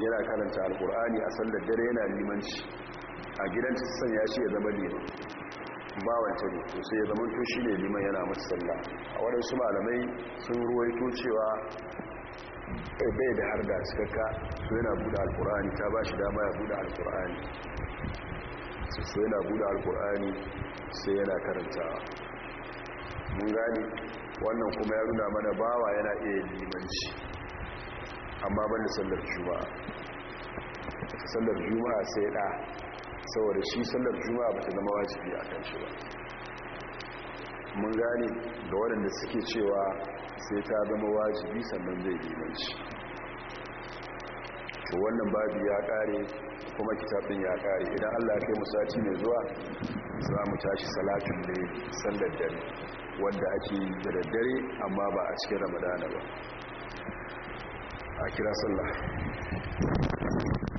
yana karanta alkur'ani a sallar dare yana limanci a gidan gidanta sanya shi ya zama ba bawanta ne to sai ya zama to ne liman yana masu sallah a waɗansu malamai sun ruwaito cewa Eh, bai da har da ka so yana buɗe alkur'ani ta ba shi dama ya buɗe alkur'ani so yana buɗe alkur'ani sai yana karantawa mun gani wannan kuma ya nuna mana bawa yana iya limanci amma ban da sallar juma'a sallar juma'a sai ɗa saboda shi sallar juma'a ba ta zama wajibi a kan shi ba mun gane da waɗanda suke cewa sai ta zama wajibi sannan zai limanci to wannan babu ya kare kuma kitabin ya kare idan allah kai mu sati mai zuwa za mu tashi salatun ne sallar dare wanda ake da daddare amma ba a cikin ramadana ba a kira sallah